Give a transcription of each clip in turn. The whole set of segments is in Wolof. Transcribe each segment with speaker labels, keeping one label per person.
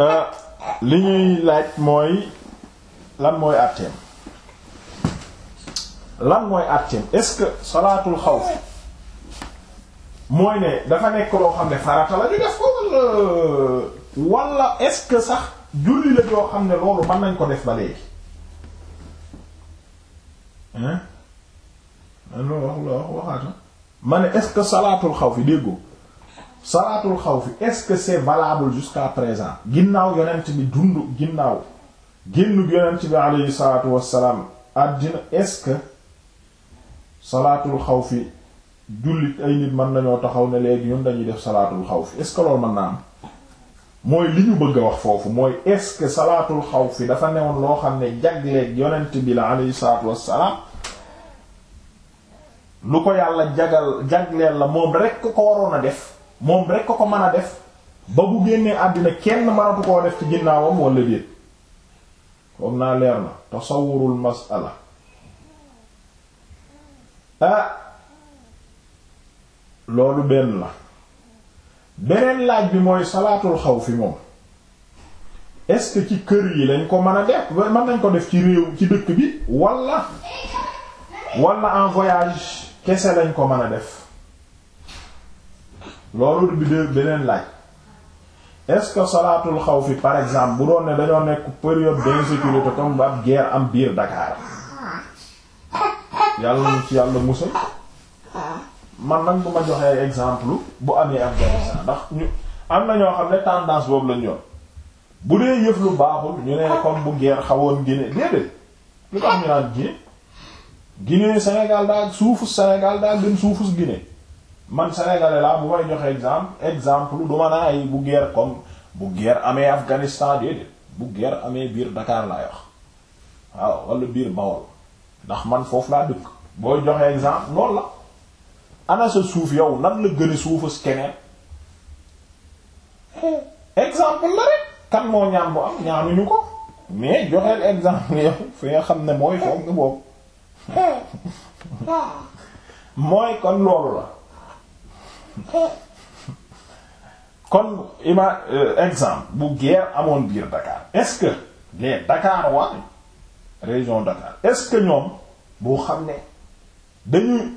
Speaker 1: Euh, li ñuy laaj mooy lan mooy àtteem lan mooy àtteem est-ce que salaatul xawf mooy ne dafa nekk loo xam ne farata la def ko euh, wala est-ce que sax julli la yoo xam ne loolu man nañ ko def ba léegi hein man wax la wax waxaata ma ne est-ce que salaatul xawf déggoo salaatul xawfi est-ce que c'est valable jusqu'à présent ginnaaw yonent bi dund ginnaaw génn yonent bi aleyhi salaatu wassalaam àddina est-ce que salaatul xawfi jullit ay nit mën nañoo taxaw ne léegi ñun dañuy def salaatul xaw fi ce que loolu mën naa am mooy li ñu bëgg a wax foofu mooy est-ce que salaatul xawfi dafa newoon loo xam ne jagleeg yonent bi la aleyhi salaatu wassalaam lu ko yàlla jagal jagleel la moom rekk ko waroon a def moom rek ko ko mën a def ba bu génnee àddina kenn mënatu koo def ci ginnaawam wala déet foog naa leer na tasawurul masala ah loolu benn la beneen laaj bi mooy salaatul xaw fi moom est-ce que ci kër yi lañ ko mën a def mën nañ ko def ci réew ci dëkk bi wala walla en voyage kese lañ ko mën a def loolu bi de beneen laaj est-ce que salaatul xawfi par exemple bu doon ne dañoo nekk période d'insécurité comme ba ab guerre am biir Dakar yàlla mu ci yàlla musal man nag bu ma joxee exemple bu amee Afghanistan ndax ñu am na ñoo xam ne tendance boobu lañ yoon bu dee yëf lu baaxul ñu ne comme bu guerre xawoon Guinée déedéet lu tax ñu naan Guinée Guinée Sénégal daa suufu senegal daal gën suufu Guinée man sénégalais laa bu may joxe exemple exemple du ma naa ay bu guerre comme bu guerre amee Afghanistan déedéet bu guerre amee biir Dakar laay wax waaw wala biir Bawol ndax man foofu laa dëkk booy joxe exemple loolu la ana sa suuf yow nan la gën a suufas keneen eh, exemple la rek kan moo ñaan bu am ñaanuñu ko mais joxeel exemple yow fi nga xam ne mooy foog nga boobu eh, mooy kon loolu la kon ima euh, exemple bu guerre amoon biir Dakar est-ce que les Dakar waa région Dakar est-ce que ñoom boo xam ne dañuy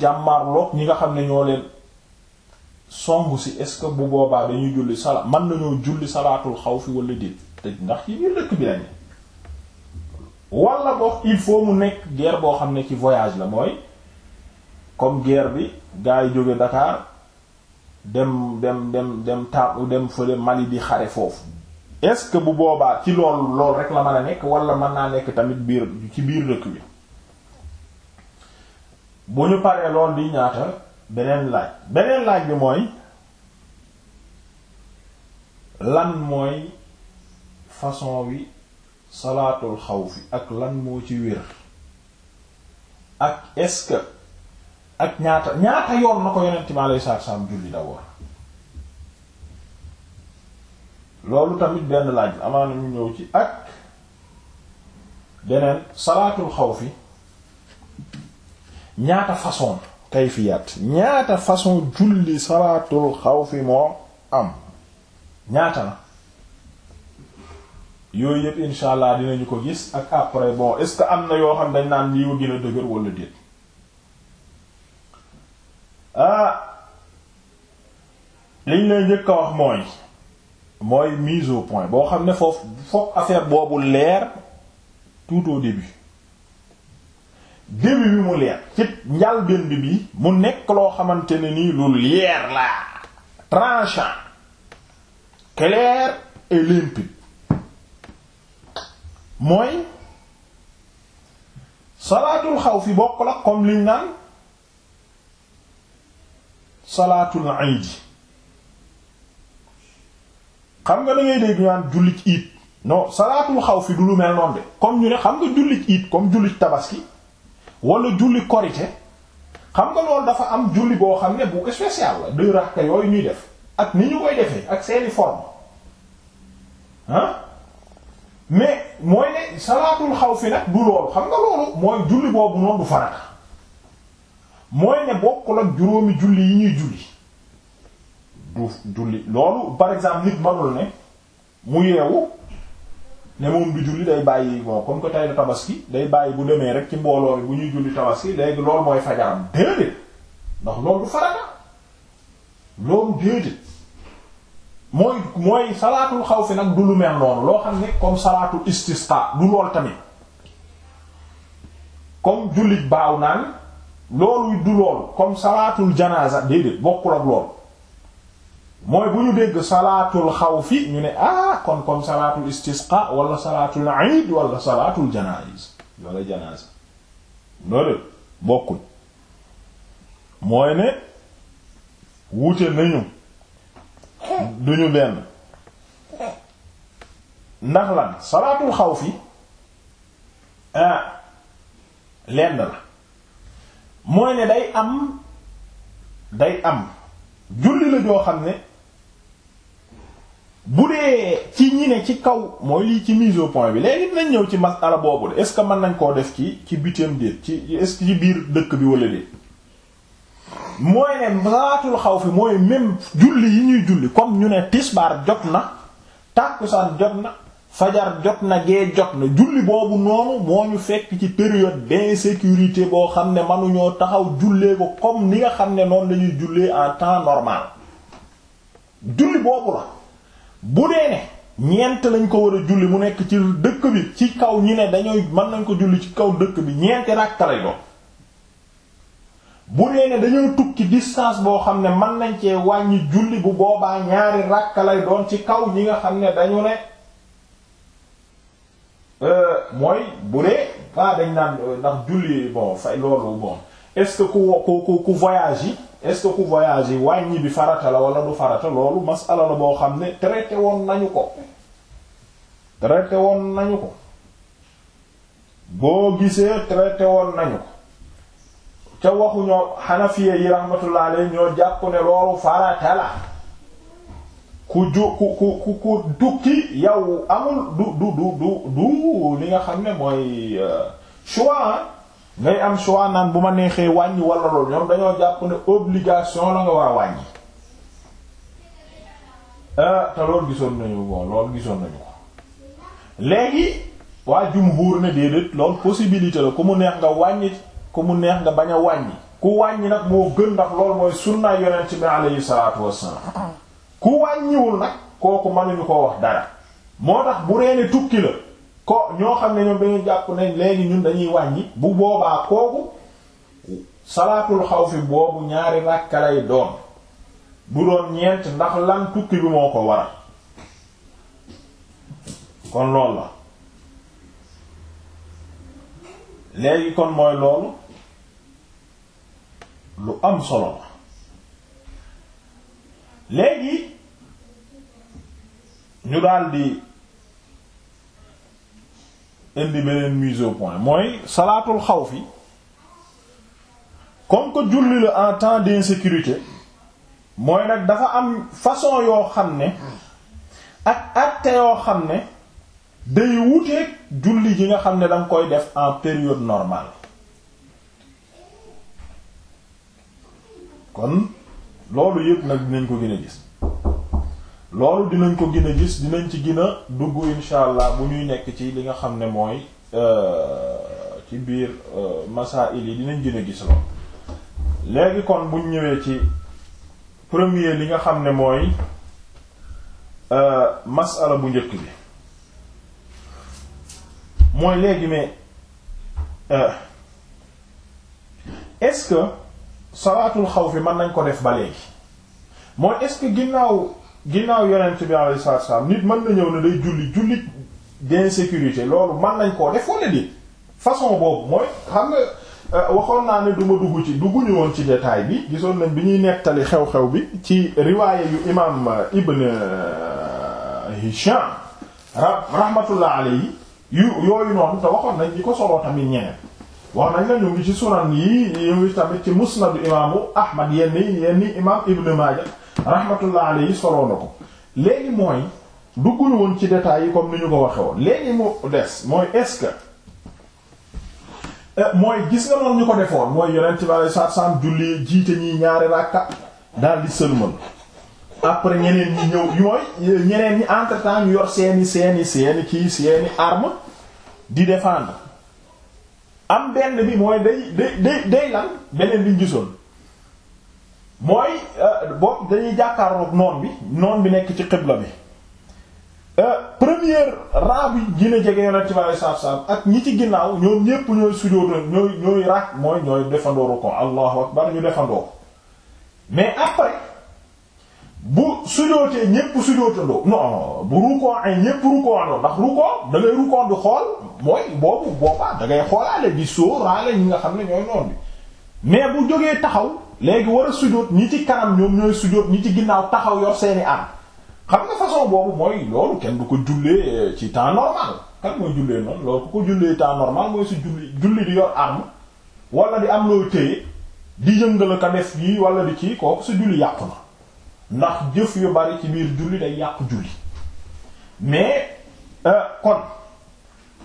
Speaker 1: jàmmarloog ñi nga xam ne ñoo leen song si est-ce que bu boobaa dañuy julli sala mën nañoo julli salaatul xawfi wala déet te ndax ci biir dëkk bi lañ wala boog il faut mu nekk guerre boo xam ne ci voyage la mooy. comme guerre bi gaa yi jóge Dakar dem dem dem dem tam dem fële Mali di xare foofu est-ce bu boobaa ci loolu lool rek la mën a nekk wala man naa nekk tamit biir ci biir dëkk bi bu ñu paree lool di ñaata beneen laaj beneen laaj bi mooy lan mooy façon wi salaatul xawfi ak lan moo ci wér ak est ak ñaata ñaata yoon na ko yonent bi alayhi salaatu salaam julli d'abord loolu tamit benn laaj bi amaana ñu ñëw ci ak beneen salaatul fi ñaata façon kayfiyaat ñaata façon julli salaatul xawfi moo am ñaata la yooyu yëpp insha allah dinañu ko gis ak après bon est-ce que am na yoo xam dañ naan lii wa gën dëgër wala déet Ah, liñ lay njëkk a wax mooy mooy mise au point boo xam ne foofu fokk affaire boobu leer tout au début début bi mu leer ci njàlbéen bi bi mu nekk loo xamante ne nii lu leer la tranchant clair et limpide mooy salaatul xawfi bokk la comme liñ naan salaatul iid xam nga da ngay dégg ñu naan jullit iid non salaatul xaw fi du lu mel noonu de comme ñu ne xam nga jullit iid comme jullit tabaski wala julli korite xam nga lool dafa am julli boo xam ne bu spécial la deux rakka yooyu ñuy def ak ni ñu koy defee ak seeni forme ah mais mooy ne salaatul xaw fi nag du loolu xam nga loolu mooy julli boobu noonu du farata mooy ne bokkul ak juróomi julli yi ñuy julli du julli loolu par exemple nit manul ne mu yeewu ne moom du julli day bàyyi bon comme que tay la tabaski day bàyyi bu demee rek ci mbooloo mi bu ñuy julli tabaski léegi loolu mooy fajaram déedéet ndax loolu du farata loolu déedéet mooy mooy salaatul xaw fi nag du lu mel noonu loo xam ne comme salaatul istisqa du lool tamit comme jullit baaw naan loolu du loolu comme salaatul janaasa déedéet bokkul ak loolu mooy bu ñu dégg salaatul xawfi ñu ne ah kon comme salaatul istisqa wala salaatul iid wala salaatul janaaiz wala janaasa loolu bokkul mooy ne wuute nañu duñu benn ndax lan salaatul xawfi ah lenn la mooy ne day am day am julli la joo xam ne bu dee ci ñi ne ci kaw mooy lii ci mise au point bi léegi dinañ ñëw ci masala boobu de est-ce que mën nañ koo def ci ci butéem déet ci est ci biir dëkk bi wala déet mooy ne salaatul xaw fi mooy même julli yi ñuy julli comme ñu ne tisbaar jot na tàkkusaan jot na fajar jot na gee jot na julli boobu noonu moo ñu fekk ci période d'insécurité boo xam ne mënuñoo taxaw jullee ko comme ni nga xam ne noonu lañuy jullee en temps normal julli boobu la bu dee ne ñeent lañ ko war a julli bu nekk ci dëkk bi ci kaw ñi ne dañooy mën nañ ko julli ci kaw dëkk bi ñeenti ràkka lay doon bu dee ne dañoo tukki distance boo xam ne mën nañ cee wàññi julli bu boobaa ñaari ràkka lay doon ci kaw ñi nga xam ne dañu ne Euh, mooy bu dee ah dañ naan euh, ndax julli bon fay loolu bon est ku ku ku ku voyage yi est ku voyage yi wàññi bi farata la wala du farata loolu masala la boo xam ne traité woon nañu ko traité woon nañu ko boo gisee traité woon nañu ko ca waxuñoo xanafiye yi rahmatullah alayhi ñoo jàpp ne loolu farata la ku ju ku ku ku dukki yow amul du du du du du li nga xam ne mooy euh, choix ngay am choix naan bu ma neexee wàññi wala loolu ñoom dañoo jàpp ne obligation la nga war a wàññi. Euh, te loolu gisoon nañu bon loolu gisoon nañu ko léegi waa jumhuur ne déedéet loolu possibilité la ku mu neex nga wàññi ku mu neex nga bañ a wàññi ku wàññi nag moo gën ndax loolu mooy sunna ci bi alayhi salaatu wassalaam ku wàññiwul nag kooku mënuñu ko wax dara moo tax bu reene tukki la ko ñoo xam ne ñoom dañu jàpp ne léegi ñun dañuy wàññi bu boobaa kooku salaatul xawfi boobu ñaari ràkka lay doon bu doon ñeent ndax lan tukki bi moo ko waral kon loolu la léegi kon mooy loolu lu am solo la léegi ñu daldi indi beneen mise point mooy salaatul xaw fi comme que julli la en temps d'insécurité mooy nag dafa am façon yoo xam ne ak acte yoo xam ne day wuteeg julli ji nga xam ne danga koy def en période normal kon loolu yëpp nag dinañ ko gën a gis loolu dinañ ko gën gis dinañ ci gina a dugg insha allah bu ñuy nekk ci li nga xam ne mooy euh, ci biir euh, masail yi dinañ gën a gis loolu léegi kon buñ ñëwee ci premier li nga xam ne mooy euh, masala bu njëkk bi mooy léegi mais est-ce que salaatul xawfi mën nañ ko def ba léegi mooy est ginnaaw ginnaaw yonent bi alayhi salaatu salaam nit mën na ñëw ne day julli julli d'insécurité loolu mën nañ koo def wala déet façon boobu mooy xam nga euh, waxoon naa ni duma dugg ci dugguñu woon ci détail bi gisoon nañ bi ñuy nettali xew-xew bi ci riwaaye yu imaam euh, Ibn euh, Hisham rahmatullah alayhi yu yooyu noonu te waxoon nañ ñi ko soloo tamit ñeneen wax nañ la ñu ci sunan yi ñu ngi tamit ci musnadu imaamu Ahmad yenn yenn imaam Ibn Maaja rahmatullah alayhi soloo na ko léegi mooy duggul woon ci détails yi comme ni ñu ko waxe woon léegi mu des mooy est-ce euh, mooy gis nga noonu ñu ko defoon mooy yonent bi alei satu salaam jullee jiite ñiy ñaari ràkka daal di sëlmal après ñeneen ñi ñëw mooy ñeneen ñi entre temps ñu yor seeni seeni seeni ci seeni arme di défendre am benn bi mooy day day day day lan beneen bi ñu gisoon mooy euh, boobu dañuy jàkkaarloog noon bi noon bi nekk ci xibla bi euh, première rang bi gën a jege yonent bi alayhi salaatu wa ak ñi ci ginnaaw ñoom ñépp ñooy sujjóotal ñooy ñooy raak mooy ñooy defandooru ko allahu akbar ñu defandoo mais après bu sujjóotee ñépp sujjóotandoo non bu ruukoo ay ñépp ruukoondoo ndax ruukoo da ngay di xool mooy boobu boobaa da ngay xoolaale di sóoraale ñi nga xam ne ñooy noon bi mais bu jógee taxaw léegi war a sujjóot ñi ci kanam ñoom ñooy sujjóot ñi ci ginnaaw taxaw yor seeni arme xam nga façon boobu mooy loolu kenn du ko jullee euh, ci temps normal kan mooy jullee noonu loolu ku ko jullee temps normal mooy si julli julli di yor arme wala di am looy téye di yëngal ka def yi wala di ci kooku sa julli yàqu na ndax jëf yu bari ci biir julli day yàqu julli mais euh, kon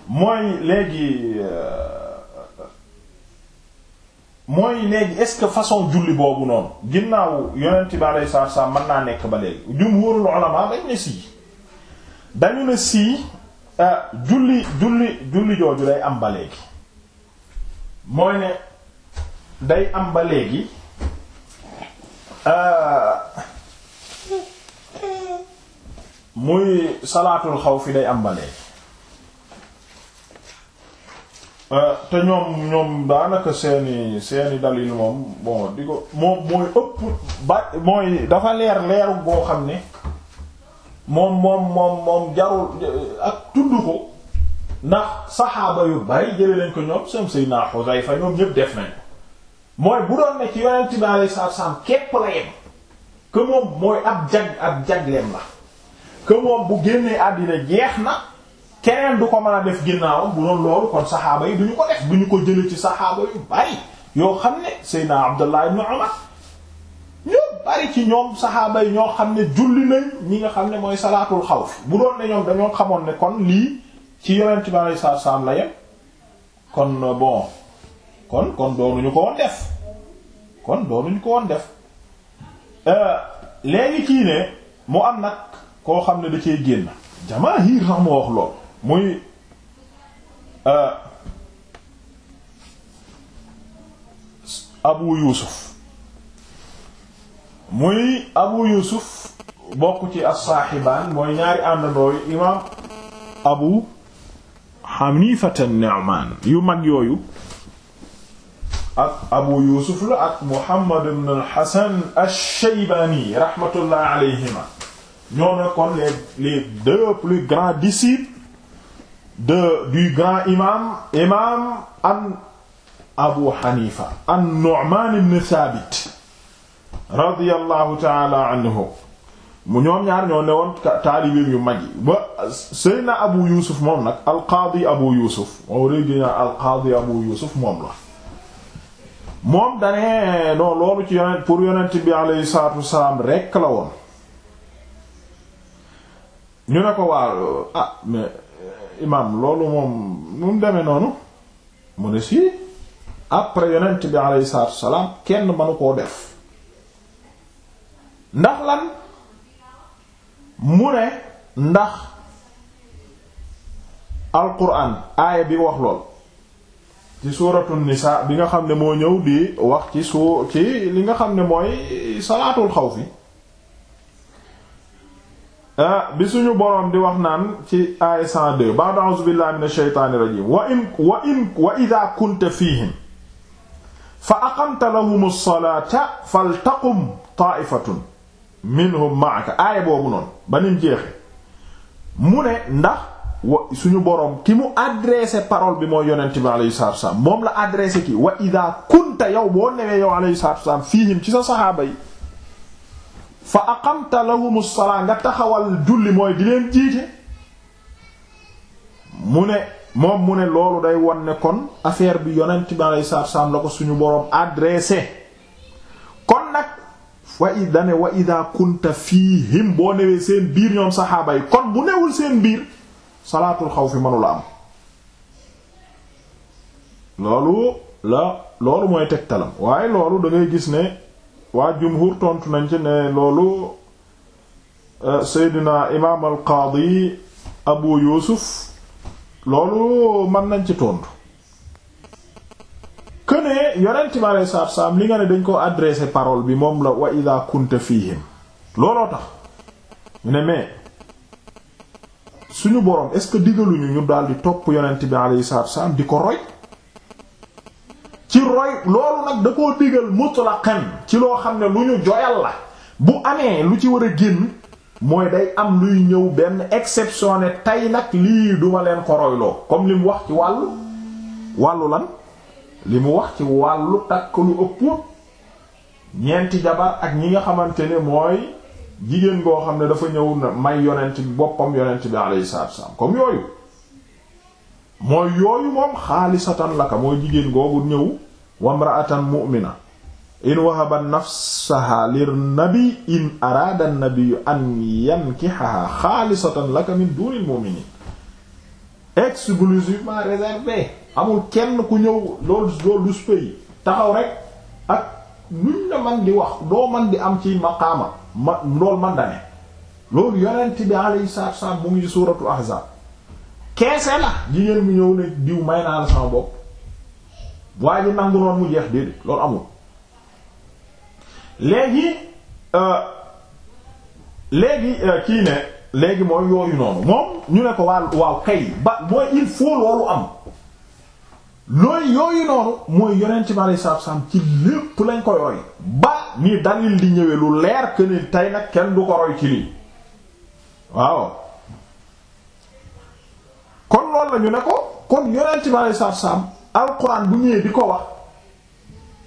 Speaker 1: mooy léegi. Euh, mooy léegi est-ce que façon julli boobu noonu ginnaaw yonent bi alayhi salaatu salaam mën naa nekk ba léegi jumhuurul ulamaa dañ ne sii dañu ne sii euh, julli julli julli jooju day am ba léegi mooy ne day am ba léegi euh, muy salaatul xawfi day am ba léegi Euh, te ñoom ñoom daanaka seeni seeni dalil moom moom mooy ëpp ba mooy dafa leer leeru boo xam ne moom moom moom moom jarul ak tudd ko ndax saxaaba yu bari jële nañ ko ñoom sam Seydina Xudayfa ñoom ñépp def nañ mooy bu doon ne ci yonent bi alayhi salaatu salaam képp la yem que moom mooy ab jag ab jagleem la que moom bu génnee àddina jeex na keneen du ko mën a def ginnaaw bu doon loolu kon saxaaba yi du ñu ko def du ñu ko jële ci saxaaba yu bari yoo xam ne Seydina Abdullah ibn Umar ñu bari ci ñoom saxaaba yi ñoo xam ne julli nañ ñi nga xam ne mooy salaatul xawf bu doon ne ñoom dañoo xamoon ne kon lii ci yonent ci alayhi salaatu salaam la yem kon bon kon kon ñu ko woon def kon doonuñu ko woon def euh, léegi kii ne mu am nag koo xam ne da cee génn jamaahir sax mu wax lool Euh, muy abu yuusuf muy abu yuusuf bokk ci as-saaxibaan mooy ñaari àndandooyu imaam abu xanifata an yu mag yooyu ak abu yuusuf la ak muhammad ibn al-hasan ash-shaybaani rahmatullah alayhima ñoo nekkoon les les deux plus grands disciples de du grand imam imam an Abu Hanifa an Nu'man ibn Thabit radiyallahu ta'ala anhu ñoom ñaar ñoo ne woon taalibeem yu mag yi ba Abu Yusuf moom nag al-Qadi Abu Yusuf moom la moom danee non loolu ci yonent pour yonent bi alayhi salaatu wassalaam rekk la woon ñu ne ko waa ah, imaam loolu moom nu mu demee noonu mu ne si après yonent bi alayhi salaatu kenn mënu koo def ndax lan mu ne ndax alquran aaya bi wax lool ci suuratu nisaa bi nga xam ne moo ñëw di wax ci suu ci li nga xam ne mooy salaatul xawfi Ah, bi suñu boroom di wax naan ci aaya 102 ba'da a'uuzu billahi minash shaytaanir rajiim wa in wa in wa idhaa kunta fiihim fa aqamta lahumu salaata faltaqum taa'ifatun minhum ma'aka aaya boobu noonu ba nim jeexe mu ne ndax wa suñu boroom ki mu adressé parole bi mooy yonent bi alayhi salaatu wa salaam moom la adressé ki wa idhaa kunta yow boo newee yow alayhi salaatu wa salaam fiihim ci sa saxaaba yi fa aqamta lahumu salaa nga taxawal julli mooy di leen jiite mu ne moom mu ne loolu day won ne kon affaire bi yonent bi alayhi salaatu la ko suñu boroom adressé kon nag wa ida ne wa ida kunta fiihim boo newee seen biir ñoom saxaaba yi kon bu newul seen biir salaatul xawfi mënula am loolu la loolu mooy tegtalam waaye loolu da gis ne waa jumhur tontu nañ ci ne loolu euh, seydina imaam al qaadi abu yuusuf loolu mën nañ ci tontu kënee yonenti ma lay saab saab li nga ne dañ ko adressé parole bi moom la wa idha kunta fihim looloo tax ñu ne mais suñu boroom est-ce que digaluñu ñu daldi topp yonent bi alayhi salaatu wa salaam di ko roy ci roy loolu nag da koo digal mutlaqan ci loo xam ne lu ñu joyal la bu amee lu ci war a génn mooy day am luy ñëw benn exception ne tey nag lii duma leen ko royloo comme li mu wax ci wàllu wàllu lan li mu wax ci wàllu takk lu ëpp ñeenti jabar ak ñi nga xamante ne mooy jigéen goo xam ne dafa ñëw may yonent boppam yonent bi alayhi salaatu wasallam comme yooyu mooy yooyu moom xaalisatan laka mooy jigéen googu ñëw wamra'atan mu'mina in wahaba nafsaha lir nabi in araada an-nabiyyu an yankihaha xaalisatan laka min dunil mu'minin exclusivement réservé amul kenn ku ñëw lool loolu du pays taxaw rek ak nuñ la man di wax doo man di am ci maqaama ma loolu man dane loolu yonent bi alayhi salaatu wa mu ngi suuratu ahzab keese la jigéen mu ñëw ne diw may naa la sama bopp waa ji nangu noonu mu jeex déedéet loolu amul léegi euh, léegi euh, kii ne léegi mooy yooyu noonu moom ñu ne ko waa waaw kay ba mooy il faut loolu am looy yooyu noonu mooy yonent bi aleyhi salaatu salaam ci lépp lañ koy roy ba ni dalil di ñëwee lu leer que ni tey nag kenn du ko roy ci lii waaw kon lool la ñu ne ko kon yonent bi alei satu salaam alquran bu ñëwee di ko wax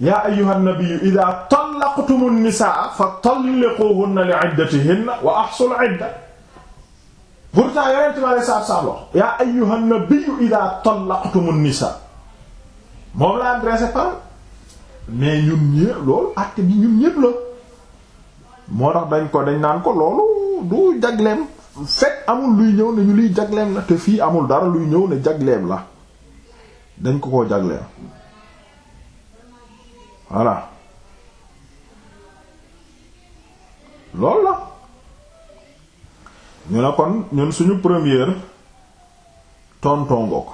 Speaker 1: yaa ayyuha nabiyyu idha tallaqtumu nisaa fa talliquhunna li iddatihinna wa ahsul idda pourtant yonent bi alei satu salaam wax yaa ayyuha nabiyyu idha tallaqtumu nisaa moom la adressé par mais ñun ñëpp loolu acte bi ñun ñëpp la moo tax dañ ko dañ naan ko loolu du jagleem fekk amul luy ñëw ne ñu luy jagleem la te fii amul dara luy ñëw ne jagleem la dañ ko ko jagleem voilà lool la ñu ne kon ñun suñu première tontongook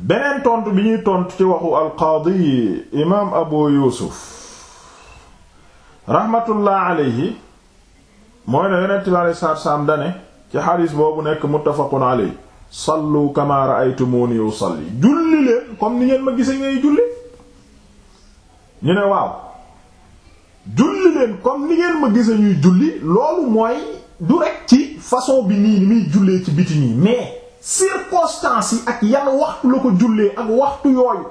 Speaker 1: beneen tontu bi ñuy tontu ci waxu alqaadi imaam abu yuusuf raxmatullah alayhi mooy ne yonent bi alayhi salaatu salaam dane ci xadis boobu nekk muttafaqun alayhi sallu kamaa ra'aytumuuni usalli julli leen comme ni ngeen ma gise ngay julli ñu ne waaw julli leen comme ni ngeen ma gise ñuy julli loolu mooy du rek ci façon bi nii muy jullee ci biti yi mais circonstances yi ak yan waxtu la ko jullee ak waxtu yooyu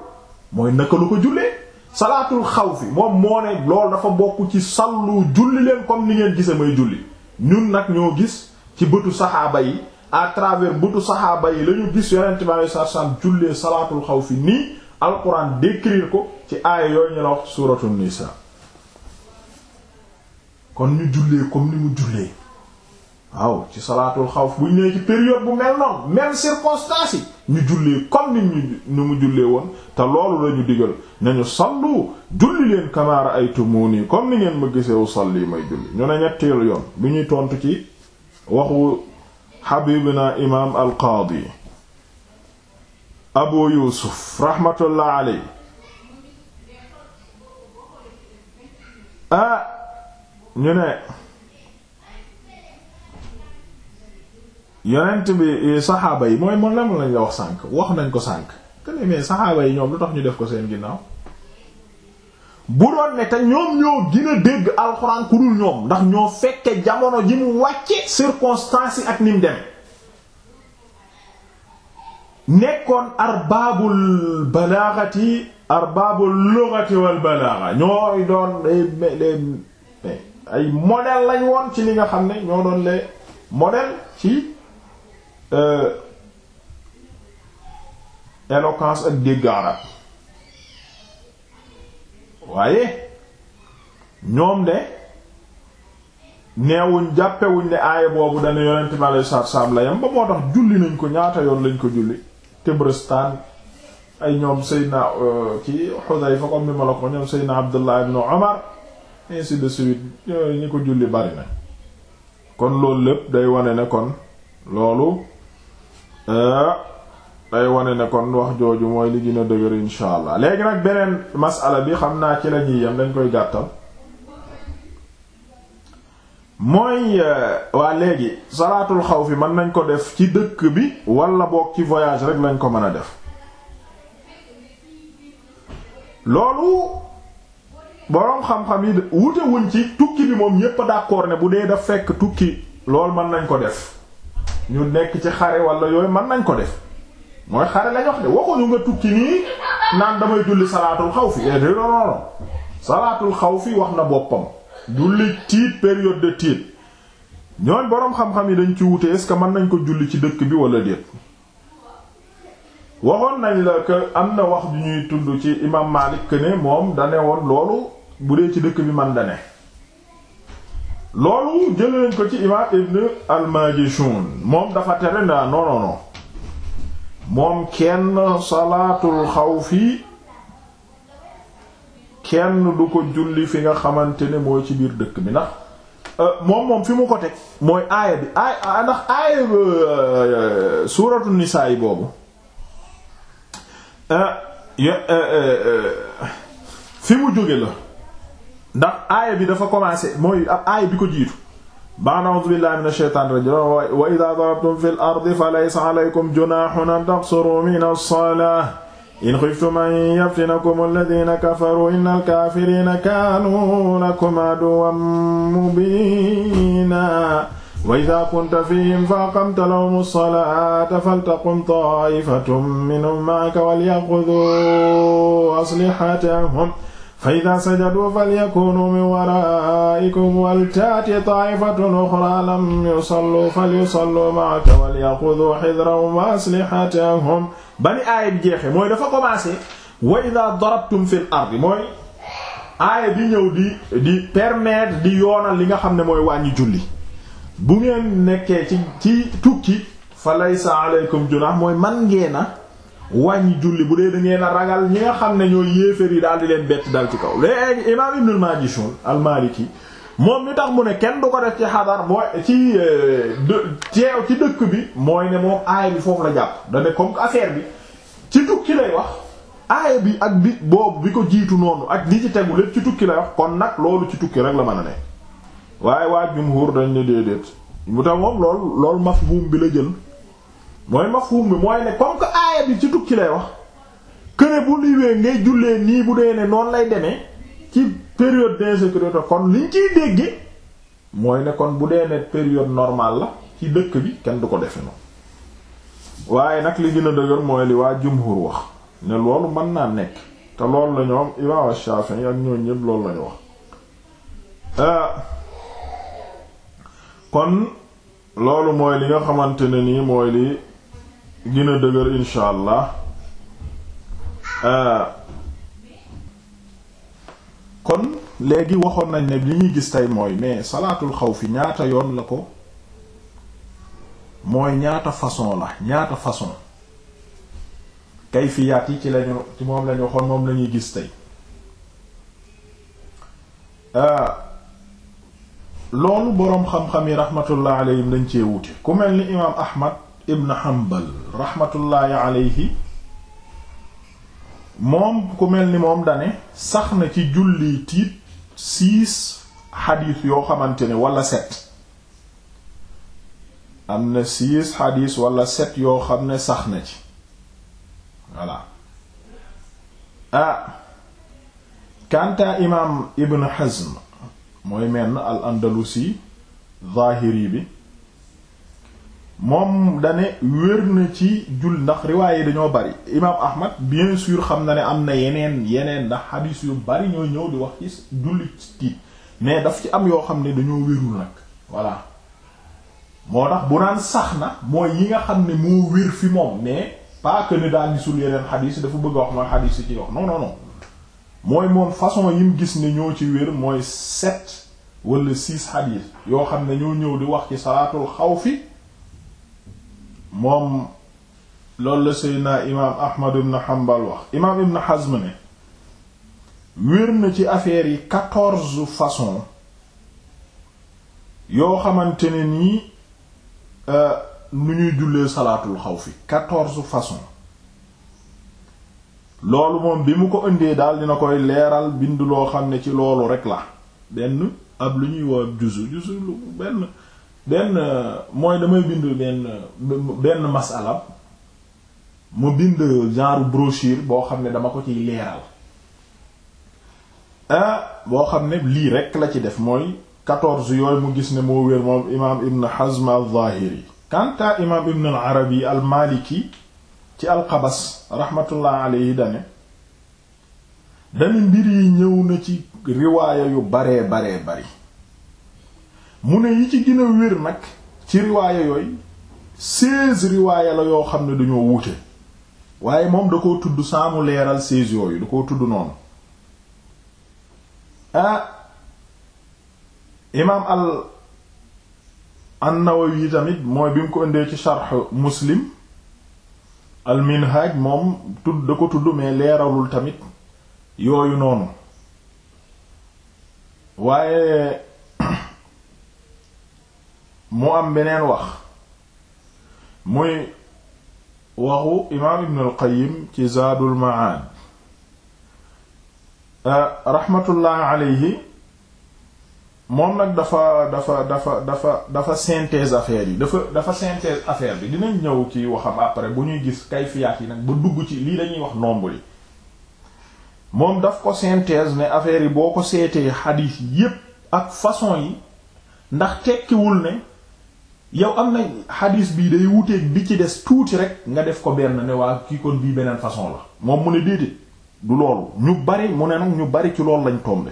Speaker 1: mooy naka la ko jullee salaatul xawfi moom moo ne loolu dafa bokk ci sallu julli leen comme ni ngeen gise mooy julli ñun nag ñoo gis ci bëtu saxaaba yi à travers bëtu saxaaba yi la ñu gis yonent bi alayhi salaatu salaam jullee salaatul xawfi nii alquran décrire ko ci aaya yooyu ñu la wax kon ñu jullee comme ni mu jullee waaw ci salaatul xaw buñ nee ci période bu mel noonu même circonstance ñu jullee comme ni ñu ni mu jullee woon te loolu lañu digal nañu sallu julli leen kamaa ra'aytumuuni comme ni ngeen ma giseewu gisee usalli may julli ñu ne ñetteelu yoon bu ñuy tontu ci waxu xabibina imaam al qaadi abu yuusuf raxmatullah aley ah ñu ne yonent bi eh, saxaaba yi mooy moom lañ la wax sànk wax nañ ko sànk que ne mais saxaaba yi ñoom lu tax ñu def ko seen ginnaaw bu doon ne te ñoom ñoo gën dégg alxuraan ku dul ñoom ndax ñoo fekke jamono ji mu wàcce circonstances yi ak ni mu dem nekkoon arbaabul balaagati arbaabul lughati wal ñooy doon eh, eh, ay modèle lañ woon ci li nga xam ne ñoo doon les modèles ci Euh, éloquence ak dégg arab waaye ñoom de neewuñ jàppewuñ ne aaya boobu dana yonent bi alei satu la yam moo tax julli nañ ko ñaata yoon lañ ko julli Tibristaan ay ñoom Seydina ci euh, Xudayfa comme ni ma la ko ñoom Seydina Abdullah ibn Umar ainsi de suite ñi ko julli bari na kon loolu lépp day wane ne kon loolu Euh, day wane ne kon wax jooju mooy li gën dëgër insha allah léegi nag beneen masala bi xam naa ci lañuy yem dañ koy gàttal mooy euh, waa léegi salaatul xawfi mën nañ ko def ci dëkk bi walla boog ci voyage rek lañ ko mën a def loolu boroom xam-xam yi wute wuñ ci tukki bi moom ñépp d'accord ne bu dee daf fekk tukki loolu mën nañ ko def ñu nekk ci xare wala yooyu mën nañ ko def mooy xare lañ wax de waxuñu nga tukki nii naan damay julli salaatul xaw fi eh, non non non salaatul xaw fi wax na boppam julli tiit période de tiit ñooñ boroom xam-xam yi dañ ci wute est mën nañ ko julli ci dëkk bi wala déet waxoon nañ la que am na wax ju ñuy tudd ci imam Malik que ne moom dane loolu bu dee ci dëkk bi man dane loolu jëlee ko ci imaam ibn al moom dafa tere na non moom kenn salaatul fii kenn du ko julli fi nga xamante ne mooy ci biir dëkk bi ndax euh, moom moom fi mu ko teg mooy aaya bi aaya ah, ndax aaya euh, suuratu nisaa boobu euh, fi mu jóge la ndax aaya bi dafa commencé mooy ab aaya bi ko jiitu ba'da a'uuzu billahi minash shaytaanir rajiim wa idhaa darabtum fil ardi falaysa 'alaykum junaahun an taqsuruu minas salaati in xiftum an yaftinakum alladina kafaru innal kaafiriina kaanuu lakum aduwwan mubiina wa idaa kunta fiihim fa aqamta lahum as-salaata faltaqum taa'ifatun minhum ma'aka walyaxuduu aslihatahum fa idaa sajaduu falyakuunuu min waraa'ikum waltaati taa'ifatun uxraa lam yusalluu falyusalluu ma'aka walyaxuduu xizrahum wa aslihatahum ba ni aaya bi jeexee mooy dafa commencé wa idaa fil ardi mooy aaya bi ñëw di di permettre di yoonal li nga xam ne mooy wàññi julli bu ngeen nekkee ci ci tukki fa laysa aleykum junaax mooy man ngeen wàññi julli bu dee da ngeen a ragal ñi nga xam ne ñooy yéeféer yi daal di leen bett dal ci kaw léegi imaam Ibnul Majishun al-Maliki moom li tax mu ne kenn du ko def ci xadar mooy ci euh, teew ci dëkk bi mooy ne moom aaya bi foofu la jàpp da ne affaire bi ci tukki lay wax aaya bi ak bi boobu bi ko jiitu noonu ak li ci tegu ci tukki lay wax kon nag loolu ci tukki rek la mën a ne waaye waa jumhur dañ ne déedéet mu tax moom lool loolu mafhum bi la jël mooy mafhum bi mooy ne comme que aaya bi ci tukki lay wax këne bu liwee ngay jullee nii bu dee ne noonu lay demee ci période d'insécurité kon liñ ciy dégge mooy ne kon bu dee ne période normale la ci dëkk bi kenn du ko defe noonu waaye nag li gën a dëgër mooy li waa jumhur wax ne loolu mën naa nekk te loolu la ñoom imaam Shafi'i ak ñoo ñëpp loolu lañu wax euh, kon loolu mooy li nga xamante ne nii mooy li gën a dëgër insha allah euh, kon léegi waxoon nañ ne li ñuy gis tey mooy mais salaatul xawfi ñaata yoon la ko mooy ñaata façon la ñaata façon yaat yi ci lañu ci moom lañu waxoon moom lañuy gis tey euh, loolu boroom xam-xam yi rahmatullah alayhim dañ cee wuute ku mel ni imaam Ahmad ibn Hanbal rahmatullahi alayhi moom ku mel ni moom dane sax na ci julli tiit six xadiis yoo xamante ne walla sept am na six xadiis wala sept yoo xam ne sax na ci voilà ah kanta imaam ibn Hazm mooy menn al andalusi zahiri bi moom dane wér na ci jul ndax riwaay yi dañoo bari imaam ahmad bien sûr xam na ne am na yeneen yeneen ndax xadiis yu bari ñoo ñëw di wax ci julli tiit mais daf ci am yoo xam ne dañoo wérul nag voilà moo tax bu naan sax na mooy yi nga xam ne moo wér fi moom mais pas que ne daa gisul yeneen xadiis dafa bëgg a wax mooy xadiis yi ci wax non non non mooy moom façon yi mu gis ne ñoo ci wér mooy sept wala six xadiis yoo xam ne ñoo ñëw di wax ci salaatul xawfi moom loolu la seydna imaam ahmad ibn hanbal wax imaam ibn hazm ne wér na ci affaire yi quatorze façon yoo xamante ne nii euh, nu ñuy jullee salaatul xawfi quatorze façon loolu moom bi mu ko indee daal dina koy leeral bindu loo xam ne ci loolu rek la benn ab lu ñuy wax juzu juzu lu benn benn euh, mooy damay bind benn benn masala mu bind genre brochure boo xam ne dama ko ciy leeral ah boo xam ne lii rekk la ci def mooy quatorze yooyu mu gis ne moo wér moom imaam ibn Hazm al-Zahiri kanta imaam ibn al-Arabi al-Maliki ci al-Qabas rahmatullah alayhi dane dane mbir yi ñëw na ci riwaaya yu baree bare bari mu ne yi ci gën a wér nag ci riwaaya yooyu seize riwaaya la yoo xam ne dañoo wuute waaye moom da koo tudd saamu leeral seize yooyu da ko tudd noonu ah imaam al an-Nawawi yi tamit mooy bi mu ko indee ci sharh Muslim al minhaj moom da ko tudd mais leeralul tamit yooyu noonu waaye mu am beneen wax muy waxu imaam ibn al qayyim ci zaadul ma'aad eh, raxmatullah alayhi moom nag dafa dafa dafa dafa dafa synthèse affaire yi dafa dafa synthèse affaire bi dinañ ñëw ci waxam après bu ñuy gis kayfiyaat yi nag ba dugg ci lii lañuy wax nombre yi moom daf ko synthèse ne affaire yi boo ko seetee xadiis yépp ak façon yi ndax tekkiwul ne yow am na xadiis bii day wuteeg bi ci des tuuti rek nga def ko benn ne waa kii kon bii beneen façon la moom mu ne déedéet du loolu ñu bari mu ne nag ñu bari ci loolu lañ tombe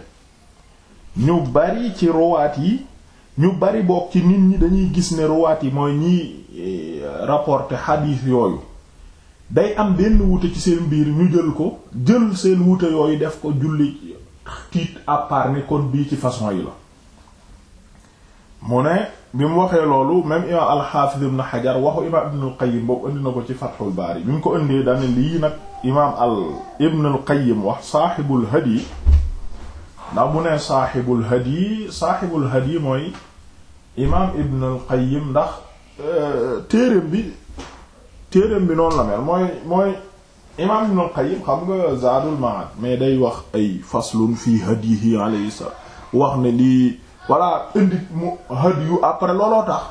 Speaker 1: ñu bari ci ruwaat yi ñu bari bokk ci nit ñi dañuy gis ne ruwaat yi mooy ñiy eh, rapporter xadiis yooyu day am benn wute ci seen biir ñu jël ko jël seen wute yooyu def ko julli tiit à part ni bii ci façon yi la mu ne bi mu waxee loolu même imaam alxaafis ibn xajar waxu imaam ibn al qayyim boobu indi na ko ci fatxul baari bi mu ko indee dane lii nag imaam al ibn al qayyim wax saaxibul hadi ndax bu ne saaxibul hadi saaxibul hadi mooy imaam ibn al qayyim ndax euh, téereem bi téereem bi noonu la mel mooy mooy imaam ibn al qayyim xam nga zaadul maad mais day wax ay faslun fii hadihi alayhi wax ne lii voilà indi mu hadiyu après looloo tax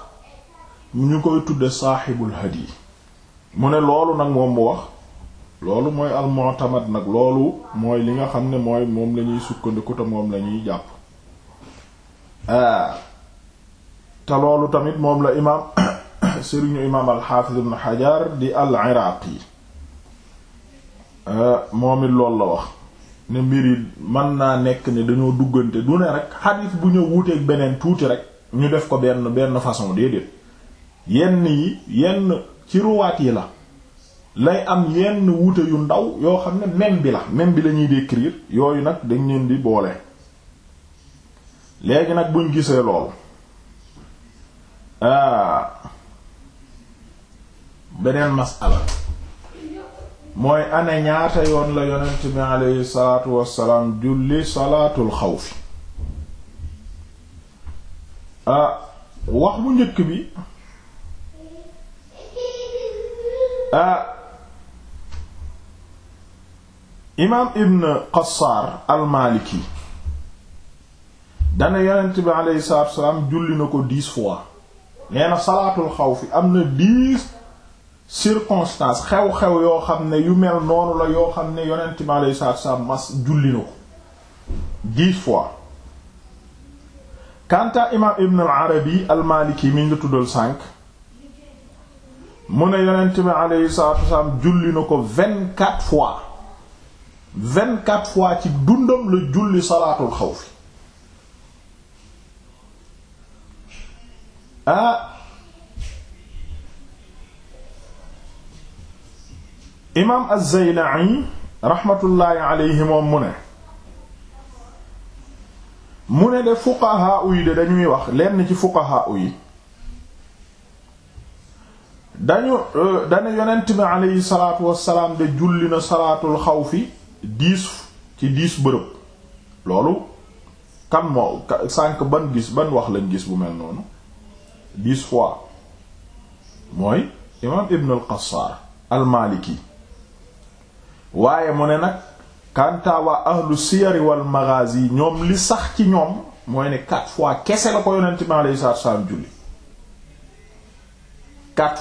Speaker 1: ñu koy tuddee saaxibul hadiy mu ne loolu nag moom mu wax loolu mooy almu'tamad nag loolu mooy li nga xam ne mooy moom la ñuy sukkandiku moom la ñuy jàpp ah, te loolu tamit moom la imaam sëriñu imaam alxaafiz ibn xajar di al iraaqi ah, moom it loolu la wax ne mbir yi mën naa nekk ne dañoo duggante du ne rek xadiis bu ñëw wuuteeg beneen tuuti rek ñu def ko benn benn façon déedéet yenn yi yenn ci ruwaat yi la lay am yenn wuute yu ndaw yoo xam ne même bi la même bi la ñuy yooyu nag dañ leen di boole léegi nag buñ gisee loolu ah, beneen masala mooy ana ñaata yoon la yonent bi aleyhi salaatu wassalaam julli salaatul xawfi ah wax bu njëkk bi ah imaam ibn Qassar al-Maliki dana yonent bi aleyhi salaatu wassalaam julli na ko dix fois nee na salaatul xawfi am na dix circonstance xew-xew yoo xam ne yu mel noonu la yoo xam ne yonent mi alayhi salaatu salaam mas julli na ko dix fois kanta imam ibn al arabi al maliki mi tuddal cinq mu ne yonent mi alayhi salaatu salaam julli ko vingt quatre fois vingt quatre fois ci dundam la julli salaatul xawfi ah imaam az-Zayla'i raxmatullaahi alayhi moom mu ne mu ne de fuqahaa yi de dañuy wax lenn ci fuqahaa yi dañu euh, dañu yonent bi alayhi salaatu wassalaam de julli na salaatul xawfi diis ci diis bërëb loolu kan moo sànq ban gis ban wax lañ gis bu mel noonu dix fois mooy imaam Ibn al-Qassar waaye mu ne nag kanta waa ahlu siyari wal yi ñoom li sax ci ñoom mooy ne quatre fois kese la ko yonent mi alayhi salaatu salaam julli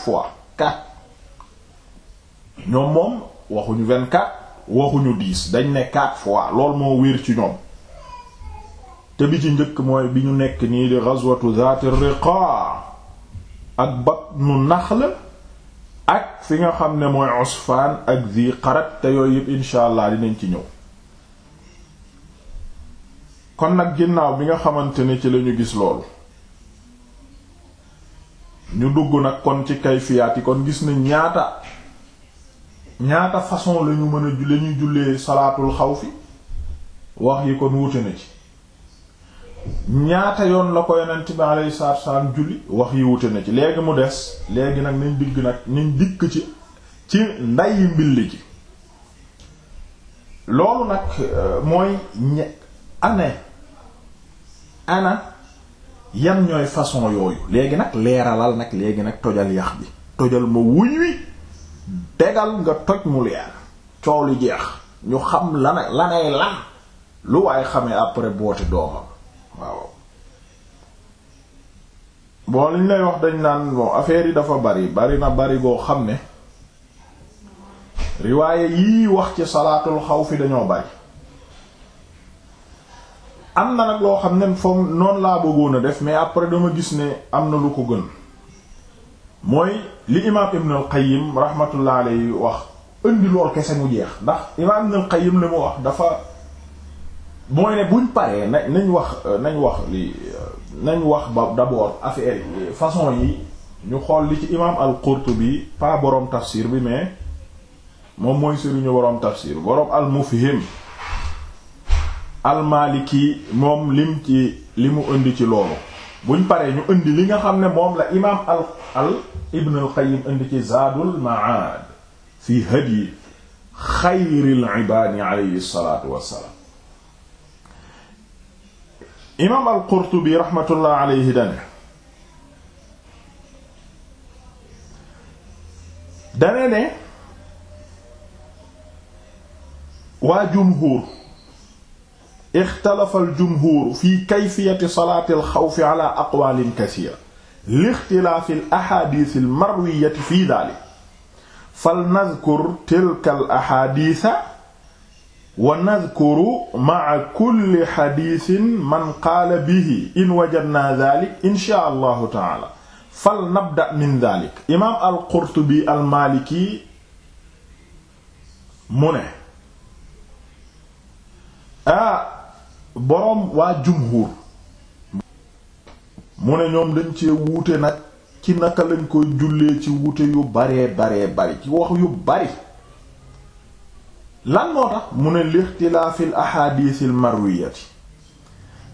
Speaker 1: fois quatre ñoom moom waxuñu vingt waxuñu dix dañ ne quatre fois lool moo wér ci ñoom te bi ci njëkk mooy bi ñu nekk nii di ghazwatu zaati riqa ak batnu la ak fi nga xam ne mooy Usfaan ak Zi Qarat te yooyu yëpp incha allah dinañ ci ñëw kon nag ginnaaw bi nga xamante ne ci lañu gis loolu ñu dugg nag kon ci kayfiyaat yi kon gis na ñaata ñaata façon lañu mën a la ñuy jullee salaatul xawfi wax yi kon wuute na ci ñaata yoon la ko yonent bi alayhi salaatu wasallam julli wax yi wute na ci léegi mu des léegi nag nañ digg nag nañ dikk ci ci ndayi mbill ji loolu nag euh, mooy ñe année ana yan ñooy façon yooyu léegi nag leeralal nag léegi nag tojal yax bi tojal ma wuñ wi degal nga toj mu leer coow lu jeex ñu xam lana lanay lan lu waaye xamee après boote doomam waaw bon liñ lay wax dañ naan bon affaire yi dafa bari bari na bari boo xam ne riwaaye yii wax ci salaatul xaw fi dañoo bari am na nag loo xam ne foog noonu laa bëggoon a def mais après dama gis ne am na lu ko gën mooy li imaam Ibn al-Qayyim rahmatullah wax indi lool kese mu jeex ndax imaam Ibn al li mu wax dafa. mooy ne buñ paree na nañ wax euh, nañ wax li euh, nañ wax ba d'abord affaire yi façon yi ñu xool li ci imam al-Qurtubi pas boroom tafsir bi mais moom mooy sëriñu boroom tafsir boroom al-Mufhim al-Maliki moom lim ci li mu indi ci loolu buñ paree ñu indi li nga xam ne moom la imam al al Ibn al-Qayyim indi ci Zadul Ma'ad fi hadyi xayril ibaadi alayhi salaatu wassalaam imaam al-Qurtubi raxmatullah alayhi dane dane ne waa jumhuur ixtalafa al-jumhuur fi kayfiyati salaati al-xawfi ala aqwaalin kasiira li-ixtilaafi al-axaadiis al-marwiyyati fi daalik fal nadkur tilka al-axaadiisa wa nadkuru ma'a kulli xadiisin man qaala bihi in wajadnaa daalik inshaa allahu taala fal nabda min daalik imaam al-Qurtubi al-Maaliki mu ne ah boroom waa jumhuur mu ne ñoom dañ cee wuute nag ci naka lañ koy jullee ci wuute yu baree baree bari ci wax yu bari lan moo tax mu ne lixtilaafil ahadiisil marwiyati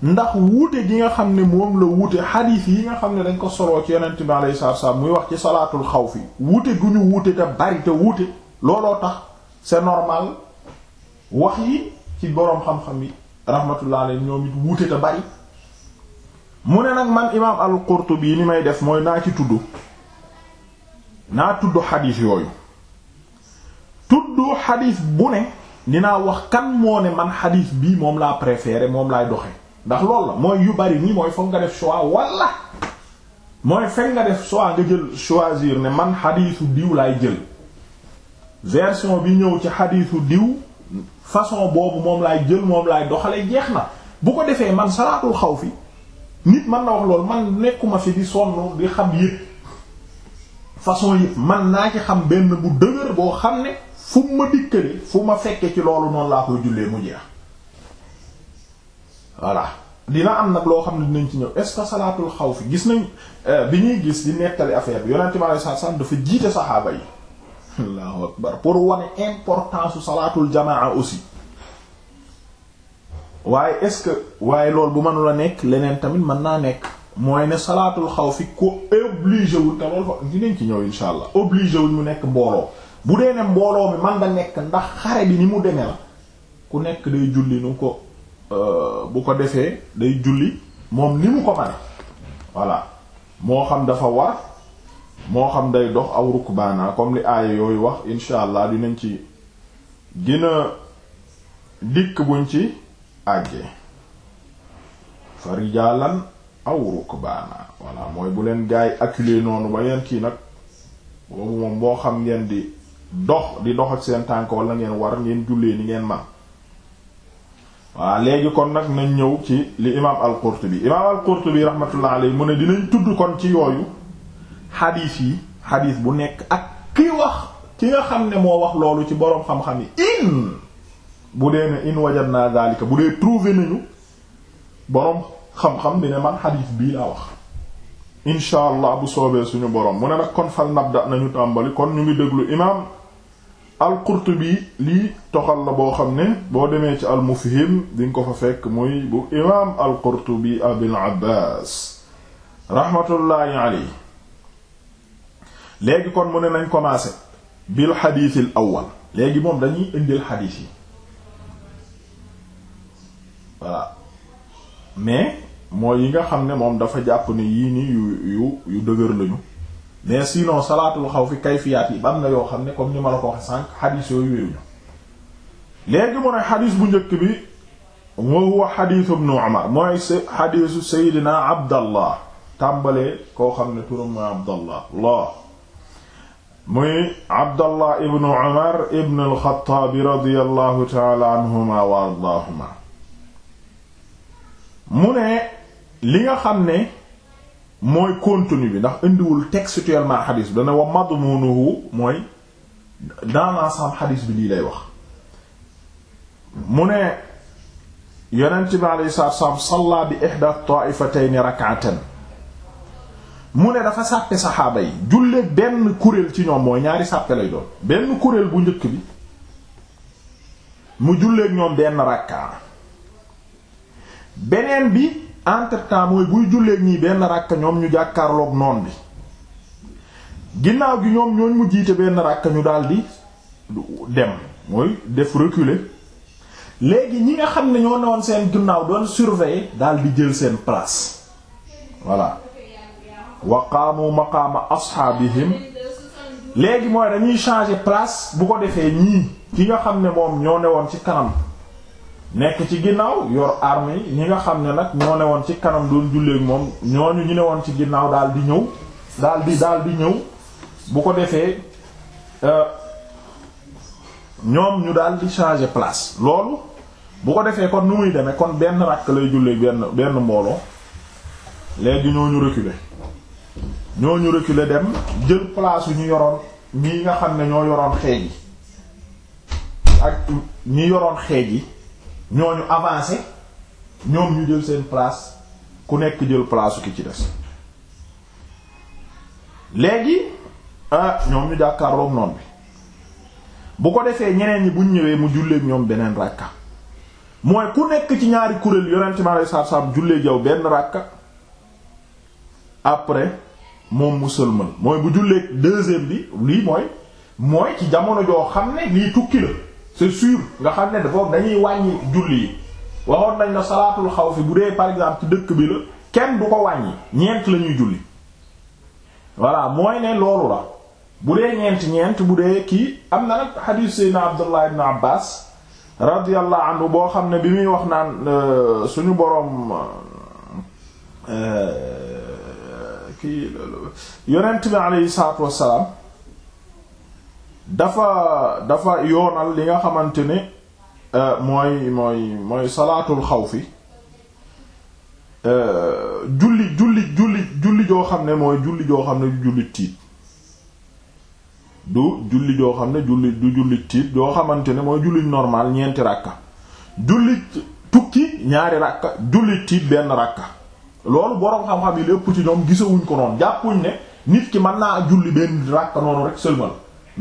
Speaker 1: ndax wuute gi nga xam ne moom la wuute xadiis yi nga xam ne dañ ko soloo ci yonent bi alayhi saa wasallam muy wax ci salaatul xaw fi wuute gu ñu wuute te bari te wuute looloo tax c'est normal wax yi ci boroom xam-xam yi rahmatullah alayhi ñoom it wuute te bari mu ne nag man imaam al-Qurtubi ni may def mooy naa ci tudd naa tudd xadiis yooyu tuddoo xadis bu ne dinaa wax kan moo ne man xadis bii moom laa préféré moom laay doxe ndax loolu la mooy yu bari nii mooy foog nga def choix wala mooy fekk nga def choix nga jël choisir ne man xadisu diw laay jël version bi ñëw ci xadisu diw façon boobu moom laay jël moom laay doxale jeex na bu ko defee man salaatul xaw fi nit man na wax loolu man nekkuma fi di sonn di xam yépp façon yépp man naa ci xam benn bu dëgër boo xam ne fu ma dikkale fu ma fekke ci loolu noonu laa koy jullee mu jeex voilà dina am nag loo xam ne dinañ ci ñëw est-ce salaatul xaw fi gis nañ euh, bi ñuy gis di nettali affaire bi yonente bi alei satu salaam dafa jiite saxaaba yi allahu akbar su salaatul jamaa aussi waaye est-ce que waaye loolu bu mënula nekk leneen tamit mën naa nekk mooy ne salaatul xaw fi ko obligé wul te loolu fa dinañ ci ñëw insha allah obligé mu nekk mbooloo bu dee ne mbooloo mi man da nekk ndax xare bi ni mu demee la ku nekk day julli nu ko euh, bu ko defee day julli moom ni mu ko mane voilà moo xam dafa war moo xam day dox aw rukbaana comme li aaya yooyu wax insha allah ci gën dikk buñ ci àggee fa mooy bu leen gaay acculé noonu ba ngeen kii nag boobu moom moo xam ngeen di dox di dox ak seen tànk wala ngeen war ngeen jullee ni ngeen man waaw léegi kon nag nañ ñëw ci li imaam al-Qurtubi imaam al-Qurtubi rahmatullah alayhi mu ne dinañ tudd kon ci yooyu xadiis yi xadiis bu nekk ak ki wax ki nga xam ne moo wax loolu ci boroom xam-xam yi in bu dee ne in naa zalika bu dee trouvé nañu boroom xam-xam bi ne man xadiis bii laa wax insha bu soobee suñu boroom mu ne nag kon fal nabda nañu tàmbali kon ñu ngi déglu imaam al-Qurtubi lii toxal la boo xam ne boo demee ci al-Mufhim dinga ko fa fekk muy bu imaam al-Qurtubi Abul Abbaas raxmatullaahi alayhi léegi kon mu ne nañ commencé bil xadiisil awwal léegi moom dañuy indil xadiis yi voilà mais mooy yi nga xam ne moom dafa jàpp ne yii nii yu yu yu dëgër lañu mais sinon salaatul xaw fi kayfiyaat yi ba na yoo xam ne comme ni ma ko waxee sànq xadiis yooyu wéeruñu léegi mu ne xadiis bu njëkk bi wa huwa xadiisu ibnu Abdallah koo xam ne turam mooy muy Abdallah ibnu Umar ibnu al-Xattaab radiyallahu wa ardaahuma mu ne li nga xam ne mooy contenu bi ndax indiwul textuellement xadis bi dana wa madmunuhu mooy dans l'ensemble bi lii lay wax mu ne yonent bi alayhi salaatu wasalaam salla bi ihda ta'ifatayni rak'atan mu ne dafa sàppe saxaaba yi jullee benn kuréel ci ñoom mooy ñaari sàppe lay doon benn kuréel bu njëkk bi mu jullee ñoom benn rakka beneen bi entre temps mooy buy julleeg ñii benn ràkk ñoom ñu jàkkaarlook noon bi ginnaaw gi ñoom ñooñ mu jiite benn ràkk ñu daldi dem mooy def reculer léegi ñi nga xam ne ñoo newoon seen ginnaaw doon surveiller daldi jël seen place voilà waqaamu maqaama asxaabihim léegi mooy dañuy changer place bu ko defee ñii ki nga xam ne moom ñoo woon ci kanam nekk ci ginnaaw yor arme ñi nga xam ne nag ñoo ne woon ci kanam doon julleek moom ñooñu ñu ne woon ci ginnaaw daal di ñëw daal di daal di ñëw bu ko defee euh, ñoom ñu daal di changer place loolu bu ko defee kon nu muy demee kon benn rakk lay julleek benn benn mbooloo ñu ñooñu ñoo ñu reculer dem jël place ñu yoroon ñi nga xam ne ñoo yoroon xeej yi ak ñi yoroon xeej yi ñooñu avancé ñoom ñu jël seen place ku nekk jël place ki ci des léegi ah ñoom ñu jàkkaarloog noon bi bu ko defee ñeneen ñi buñ ñëwee mu julleeg ñoom beneen ràkka mooy ku nekk ci ñaari kuréel yonent ci alei satu salaam jullee jaw benn ràkka après moom mu sëlmal mooy bu jullee deuxième bi lii mooy mooy ci jamono joo xam ne lii tukki la c'est sûr nga xam ne dafa dañuy wàññi julli yi waxoon nañ la salaatul xaw fi bu dee par exemple ci dëkk bi la kenn du ko wàññi ñeent lañuy ñuy julli voilà mooy ne loolu la bu dee ñeent ñeent bu dee kii am na nag xadiis seydna abdullah ibn abbas radiyallahu anhu boo xam ne bi muy wax naan euh, suñu boroom euh, kii yonent bi aleyhi salaatu wassalaam dafa dafa yoonal li nga xamante ne euh, mooy mooy mooy salaatul xawfi euh, julli julli julli julli joo xam ne mooy julli joo xam ne du julli tiit du julli joo xam ne julli du julli tiit joo xamante ne mooy julli normal ñeenti ràkka julli tukki ñaari ràkka julli tiit benn ràkka loolu boroom xam-xam yi lépp ci ñoom gisawuñ ko noonu jàppuñ ne nit ki mën naa julli benn ràkka noonu rek sëlmal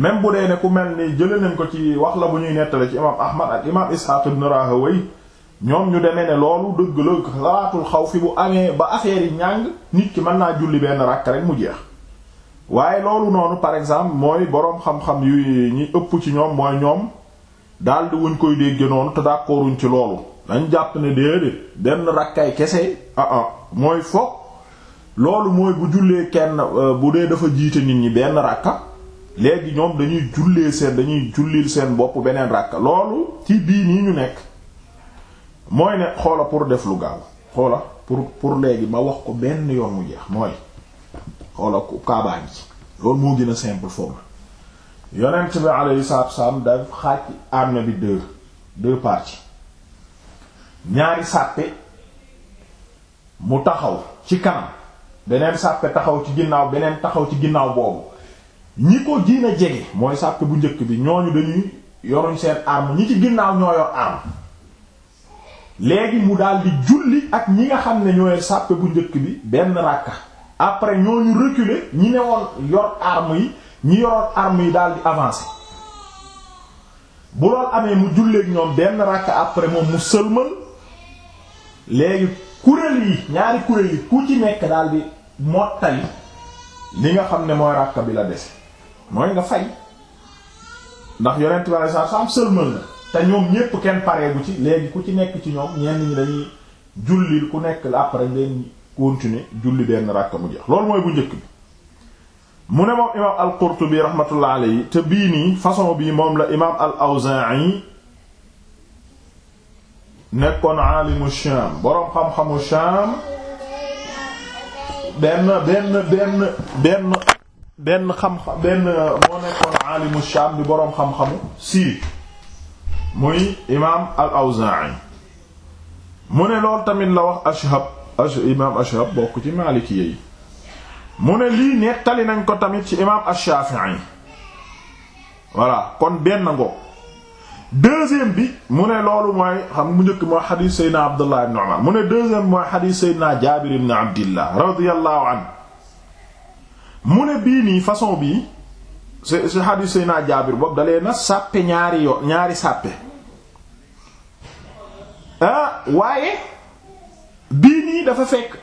Speaker 1: même bu dee ne ku mel ni jëlee nañ ko ci wax la bu ñuy nettale ci imaam Ahmad ak imaam Ishaq ibn Rahawayh ñoom ñu demee ne loolu dëgg la xalaatul xaw fi bu amee ba affaire yi nit ki mën naa julli benn ràkk rek mu jeex waaye loolu noonu par exemple mooy boroom xam-xam yu ñi ëpp ci ñoom mooy ñoom daldi wuñ koy dégg noonu te ci loolu dañ jàpp ne déedéet benn rakkaay kese ah ah mooy fo loolu mooy bu jullee kenn euh, bu dee dafa jiite nit ñi benn rakka léegi ñoom dañuy jullee seen dañuy jullil seen bopp beneen ràkka loolu ci bii nii ñu nekk mooy ne xoola pour def lu gaaw xoola pour pour léegi ma wax ko benn yoon mu jeex mooy xoola kaabaa ngi loolu moo gën a simple forme yonent bi alayhi salaatu wasallam da xaaj armée bi deux deux parties ñaari sàppe mu taxaw ci kanam beneen sàppe taxaw ci ginnaaw beneen taxaw ci ginnaaw boobu ñi ko jiin a jege mooy sàppe bu njëkk bi ñooñu dañuy yoruñ seen arme ñi ci ginnaaw ñoo yor arme léegi mu daal di julli ak ñi nga xam ne ñooy sàppe bu njëkk bi benn ràkka après ñooñu reculer ñi ne woon yor arm yi ñi yoroon arme yi daal di avancer bu lool amee mu julleeg ñoom benn ràkka après moom mu sëlmal léegi kuréel yi ñaari kuréel yi ku ci nekk daal di mottali li nga xam ne mooy ràkka bi la dese mooy nga fay ndax yonent bi saa saam sëlmal na te ñoom ñépp kenn pareegu ci léegi ku ci nekk ci ñoom ñenn ñi dañuy julli ku nekk la après ngeen continuer julli benn ràkka mu jeex loolu mooy bu njëkk bi mu ne moom imaam al-Qurtubi rahmatullah alayhi te bii nii façon bii moom la imaam al-Awzaa'i nekkoon aalimu Shaam boroom xam-xamu Shaam benn benn benn benn benn xam-xam benn moo nekkoon aalimu Shaam bi boroom xam-xamu sii muy imaam al-Awzaa'i mu ne lool tamit la wax Ashhab ash imaam Ashhab bokk ci Maaliki yi mu ne lii nettali nañ ko tamit ci imaam ash-Shaafi'i voilà kon benn ngo deuxième bi mu ne loolu mooy xam mu njëkk mooy xadiis Seydina Abdullah ibn mu ne deuxième mooy xadiis Seydina Jaabir ibn Abdillah radiyallahu anhu mu ne bii nii façon bii si si xadiis Seydina Jaabir boobu dalee na sàppe ñaari yo ñaari sàppe ah waaye bii nii dafa fekk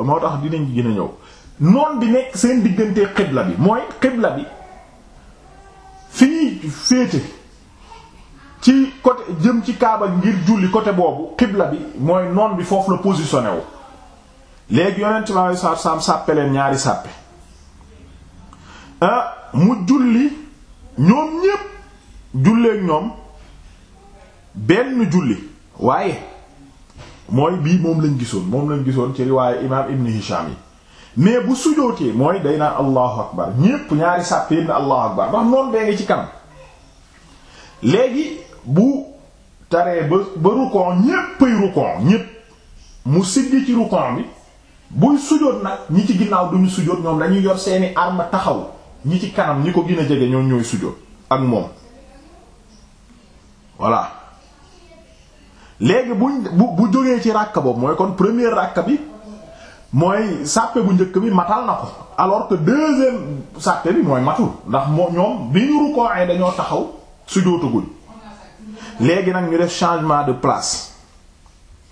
Speaker 1: moo tax dinañ gën a ñëw noon bi nekk seen diggante xibla bi mooy xibla bi fi ñuy féete ci côté jëm ci kaabal ngir julli côté boobu xibla bi mooy noon bi foofu la positionné wu léegi yonent bi sallallahu alayhi wasallam sàppe leen ñaari sàppe Ah, mu julli ñoom ñépp julleek ñoom benn julli waaye mooy bii moom lañ gisoon moom lañ gisoon ci riwaaye imaam ibn Hisham yi mais bu sujootee mooy day naan allahu akbar ñépp ñaari sàpp yépp ne allahu akbar ndax noonu bee ngi ci kanam léegi bu taree ba ba rukkoo ñéppay rukkoo ñépp mu siggi ci rukkoo bi buy sujoot nag ñi ci ginnaaw duñu sujoot ñoom dañuy yor seeni arme taxaw ñi ci kanam ñi ko gën a jege ñoom ñooy sujjóot ak moom voilà léegi buñ bu bu jógee ci ràkk boobu mooy kon première ràkk bi mooy sàppe bu njëkk bi matal na ko alors que deuxième sàppe bi mooy matul ndax moo ñoom bi ñu rukkoo ay dañoo taxaw sujjóotaguñ léegi nag ñu def changement de place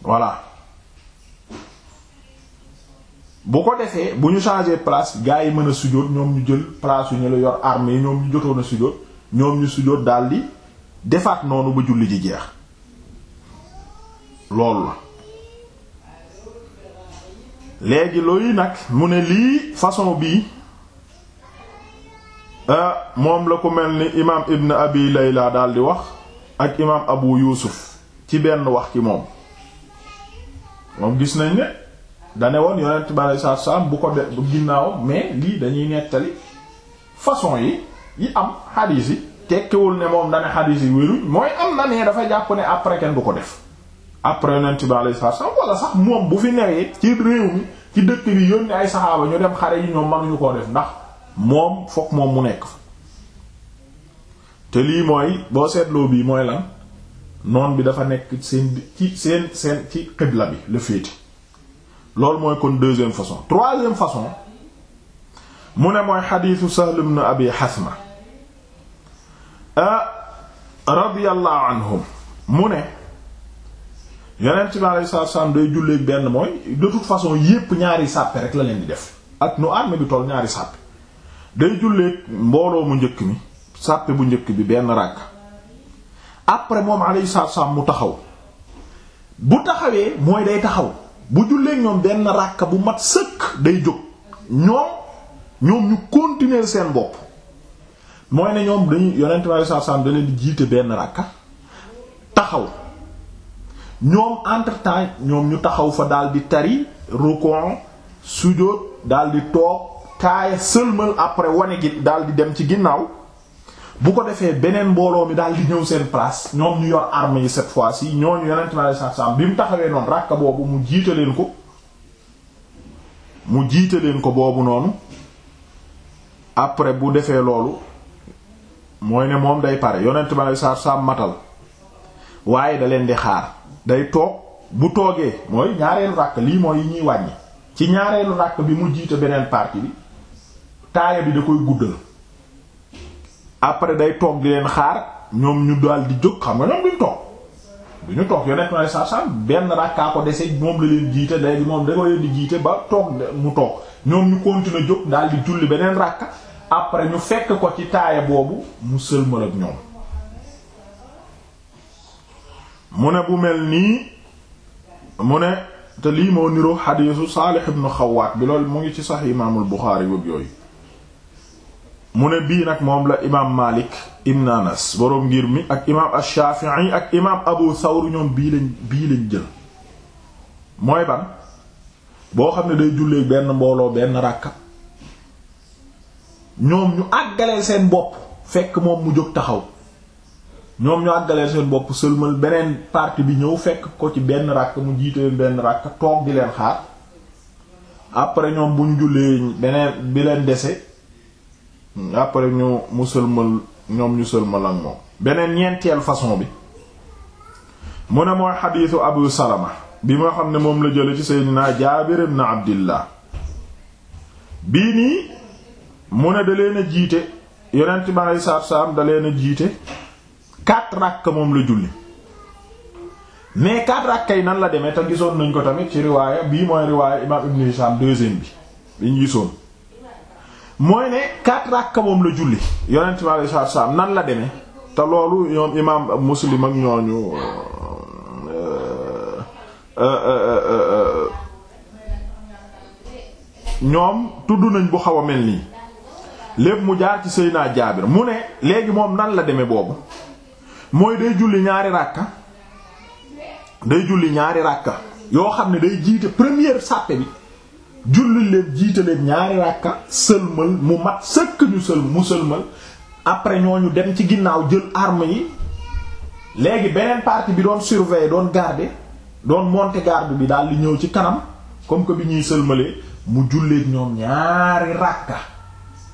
Speaker 1: voilà bu ko defee bu ñu changé place gars yi mën a sujjóot ñoom ñu jël place yu ñu la yor armée yi ñoom ñu jotoon a sujjóot ñoom ñu sujjóot daal defaat noonu ba julli ji jeex loolu la léegi looyu nag mu ne lii façon bii euh, moom la ko mel ni imaam ibn abi layla daal di wax ak imaam abu yuusuf ci benn wax ci moom moom gis nañ ne dane wan yonent bi alei salaatu bu ko def bu ginnaawam mais lii dañuy nettali façon yi yi am xadiis yi tekkiwul ne moom dane xadiis yi wéruñ mooy am na ne dafa jàpp ne après kenn du ko def après yonent bi alei salaatu sax moom bu fi newee ci réew mi ci dëkk bi yónni ay saxaaba ñu dem xare yi ñoom mënuñu koo def ndax moom fokk moom mu nekk fa te lii mooy boo seetloo bii mooy lan noon bi dafa nekk seen ci seen seen ci xibla bi la féete loolu mooy kon deuxième façon troisième façon mu ne mooy xadiisu Sahl ibn Abi xasma ah, radiyallahu anhum mu ne yonent bi alayhi salaatu salaam day julleeg benn mooy de façon yépp ñaari sàppe rek la leen di def ak nu arme bi toll ñaari sàppe day julleeg mbooloo mu njëkk mi sàppe bu njëkk bi benn ràkk après moom alayhi salaam mu taxaw bu taxawee mooy day taxaw bu jullee ñoom benn ràkka bu mat sëkk day jóg ñoom ñoom ñu continuer seen bopp mooy ne ñoom dañuy yonent bi sallallahu alayhi wasallam da leen di jiite benn ràkka taxaw ñoom entre temps ñoom ñu taxaw fa daal di tari rukon sujóot daal di toog taaya sëlmal après wane gi daal di dem ci ginnaaw bu ko defee beneen mbooloo mi daal di ñëw seen place ñoom ñu yor armes yi cette fois ci ñooñu yonent mi alayhi salaam bi mu taxawee noonu ràkka boobu mu jiite leen ko mu jiite leen ko boobu noonu après bu defee loolu mooy ne moom day pare yonent mi alayhi salaam matal waaye da leen di xaar day toog bu toogee mooy ñaareelu ràkk lii mooy yi ñuy wàññi ci ñaareelu ràkk bi mu jiite beneen partie bi taaya bi da koy guddal après day toog di leen xaar ñoom ñu daal di jóg xam nga ñoom duñ toog duñu toog yonent ma ne saa saa benn rakkaa ko dese moom la leen jiite léegi moom da ko leen di ba toog mu toog ñoom ñu continuer jóg daal di julli beneen rakka après ñu fekk ko ci taaya boobu mu sëlmal ak ñoom mu ne bu mel nii mu ne te lii moo niroo xadiisu Saalih ibn Xawaat bi loolu mu ngi ci sax imaamul Buxaari wëg yooyu mu ne bii nag moom la imaam Malik ibn Anas boroom ngir mi ak imaam Ash-Shafi'i ak imaam Abu Thawr ñoom bii lañ bii lañ jël mooy ban boo xam ne day jullee benn mbooloo benn ràkka ñoom ñu àggalee seen bopp fekk moom mu jóg taxaw ñoom ñu àggalee seen bopp sëlmal beneen partie bi ñëw fekk ko ci benn ràkk mu jiite benn ràkk toog di leen xaar après ñoom bu ñu jullee beneen bi leen dese après ñu mu sëlmal ñoom ñu sëlmal ak moom beneen ñeenteel façon bi mu ne mooy xadiisu abu salama bi nga xam ne moom la jële ci seydinaa jaabir ibn abdillah bii nii mu ne da leen jiite yonent bi aleyhi salaatu salaam da leen jiite quatre rakk moom la julli mais quatre rakk yi nan la demee te gisoon nañ ko tamit ci riwaaya bii mooy riwaaya imaam ibn hisham bi bi gisoon mooy ne quatre rakka moom la julli yonent bi alayhi salaatu salaam nan la deme te loolu ñoom imaam muslim ak ñooñu euh, euh, euh, ñoom tudd nañ bu xaw a mel nii lépp mu jaar ci Seydina Jaabir mu ne léegi moom nan la demee boobu mooy day julli ñaari ràkka day julli ñaari ràkka yoo xam ne day jiite première sàppe bi julli leen jiite leen ñaari ràkka sëlmal mu mat sëkk ñu sël mu sëlmal après ñoo ñu dem ci ginnaaw jël arme yi léegi beneen partie bi doon surveiller doon garder doon monte garde bi daal di ñëw ci kanam comme que bi ñuy sëlmalee mu julleek ñoom ñaari ràkka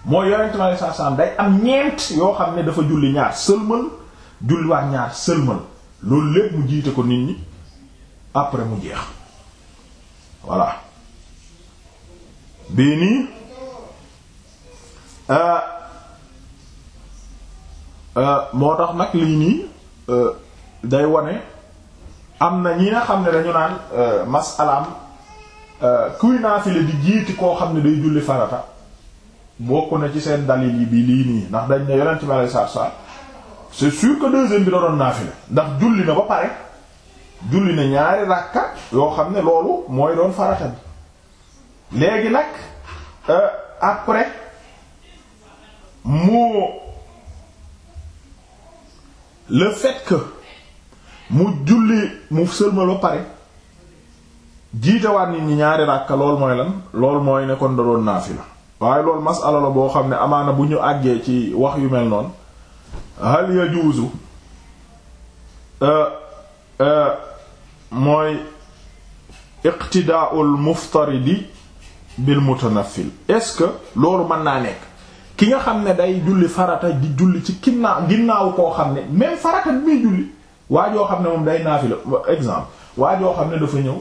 Speaker 1: moo yonent ma day am ñeent yoo xam ne dafa julli ñaar sëlmal julliwaat ñaar sëlmal loolu lépp mu jiite ko nit ñi après mu jeex voilà bii nii euh, euh, moo tax nag lii nii euh, day wane am na ñi nga xam ne dañu naan masalaam kuy naafile di jiit koo xam ne day julli farata bokk na ci seen dalil yi bi lii nii ndax dañ ne yonent bi alayhi salaatu wasallam c'est sûr que deuxième bi da naafile ndax julli na ba pare julli na ñaari ràkka yoo xam ne loolu mooy doon farata bi léegi nag euh, après mu le fait que mu julli mu sëlmal ba pare jiitawaat nit ñi ñaari ràkka lool mooy lan lool mooy nekkoon kon da doon waaye loolu masala boo xam ne amaana bu ñu àggee ci wax yu mel noonu hal yajuuzu euh, euh, mooy iqtidaa'ul muftaridi bil mutanafil est-ce que loolu mën naa nekk ki nga xam ne day julli farata di julli ci ginnaaw ginnaaw koo xam ne même farata bi muy julli waa joo xam ne moom day naafila exemple waa joo xam ne dafa ñëw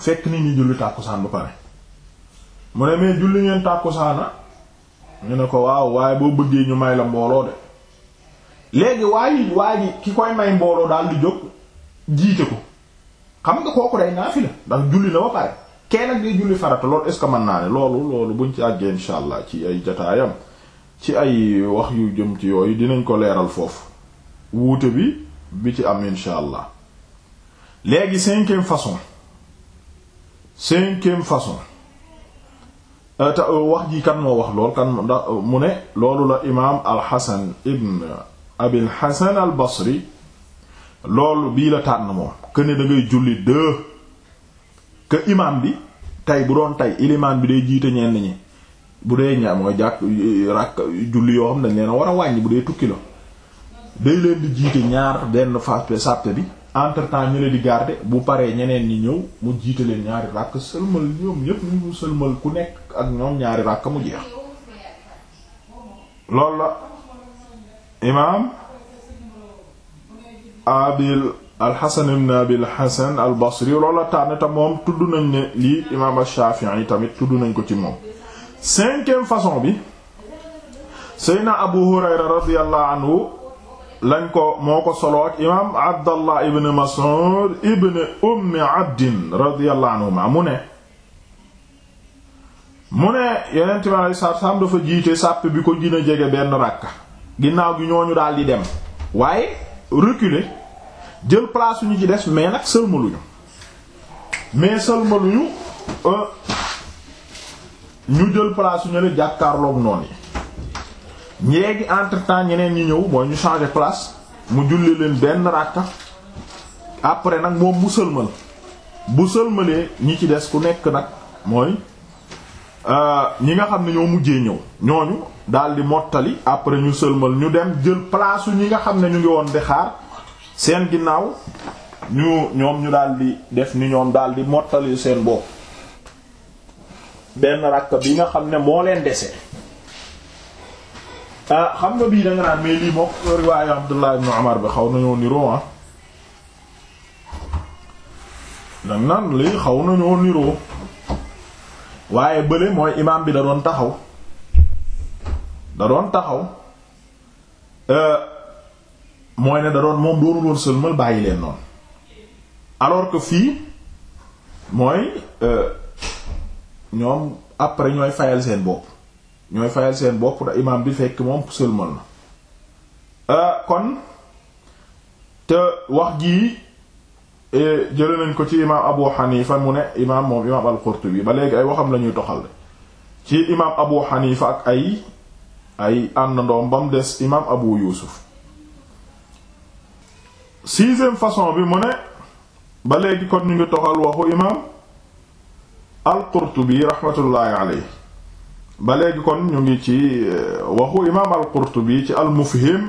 Speaker 1: fekk nit ñi julli tàkkusaan ba pare mu ne mais julli ngeen tàkkusaana ñu ne ko waaw waaye boo bëggee ñu may la mbooloo de léegi waa ji ki koy may mbooloo daal di jóg jiite ko xam nga kooku day naafila ndax julli na ba kee nag day julli farata loolu est ce naa ne loolu loolu bu ñu ci àggee insha allah ci ay jataayam ci ay wax yu jëm ci yooyu dinañ ko leeral foofu wuute bi bi ci am insha allah léegi cinquième façon cinquième façon euh, te euh, wax ji kan moo wax lool kan ndax euh, mu ne loolu la imaam alxasan ibn abil xasan al basri loolu bii la tànn moom que ne da julli deux que imam bi tey bu doon tey ilimaan bi day jiite ñenn ñi bu dee ña mooy jàkk ràkk julli yoo xam ne dañ war a wàññi bu dee tukki la day leen di jiite ñaar benn fape sàppe bi entre temps ñu di garder bu paree ñeneen ñi ñëw mu jiite leen ñaari ràkk sëlmal ñoom ñépp ñu mu sëlmal ku nekk ak ñoom ñaari ràkk mu jeex loolu la imaam abil alxasan ibn abil xasan al basri loola tànn te moom tudd nañ ne lii imaam ash-shafi'i tamit tudd nañ ko ci moom cinquième façon bi seydna abu hurayra radiyallahu anhu lañ ko moo ko solo ak imaam abdallah ibn mas'ud ibn ummi abdin radiyallahu mu ne mu ne yeneen mi alei satu salaam dafa jiite sàpp bi ko gën a benn ràkk ginnaaw gi ñooñu daal di dem waaye reculer jël place ñu ci des mais nag sëlmaluñu mais sëlmaluñu euh, ñu jël place ñu ne jàkkaarloog noonu yi léegi entre temps ñeneen ñi ñëw mooy ñu changer place mu julli leen benn ràkka après nag moom mu sëlmal bu sëlmalee ñi ci des ku nekk nag mooy euh, ñi nga xam ne ñoo mujjee ñëw ñooñu daal di mottali après ñu sëlmal ñu dem jël place ñi nga xam ne ñu ngi woon di xaar. seen ginnaaw ñu ñoom ñu daldi def ni ñoom daldi mottali seen bopp benn rakk bi nga xam ne moo leen dese ah xam nga bii da nga naan mais lii mook riwaayu Abdullah ibn Umar bi xaw nañoo niroo ah da nga naan lii xaw nañoo niroo waaye bële mooy imaam bi da doon taxaw da doon taxaw. Euh, mooy ne da doon moom doonul woon sëlmal bàyyi leen noonu alors que fii mooy euh, ñoom après ñooy fayal seen bopp ñooy fayal seen bopp da imaam bi fekk moom sëlmal na euh, kon te wax jii eh, jële nañ ko ci imaam Abu Hanifa mu ne imaam moom imaam al-Qurtubi ba léegi ay waxam la ñuy toxal ci imaam Abu Hanifa ak ay ay àndandoom ba mu des imaam Abu Yusuf sixième façon bi mu ne ba léegi kon ñu ngi toxal waxu imaam al-Qurtubi raxmatullaahi alayhi ba léegi kon ñu ngi ci euh, waxu imaam al-Qurtubi ci al-Mufhim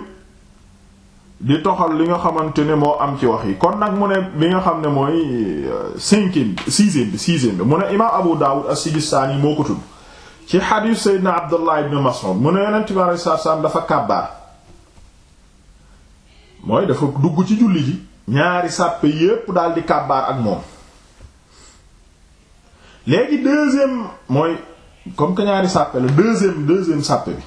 Speaker 1: di toxal li nga xamante ne moo am ci wax yi kon nag mu ne bi nga xam ne mooy euh, cinquième bi sixième bi sixième bi mu ne imaam Abu Dawud as-Sijistaani moo ko tudd ci xadiis Seydina Abdullah ibn Mas'ud mu ne yonent bi alayhi salaam dafa kàbbaar mooy dafa dugg ci julli ji ñaari sàppe yépp daal di kàbbaar ak moom léegi deuxième mooy comme que ñaari sàppe la deuxième deuxième sàppe bi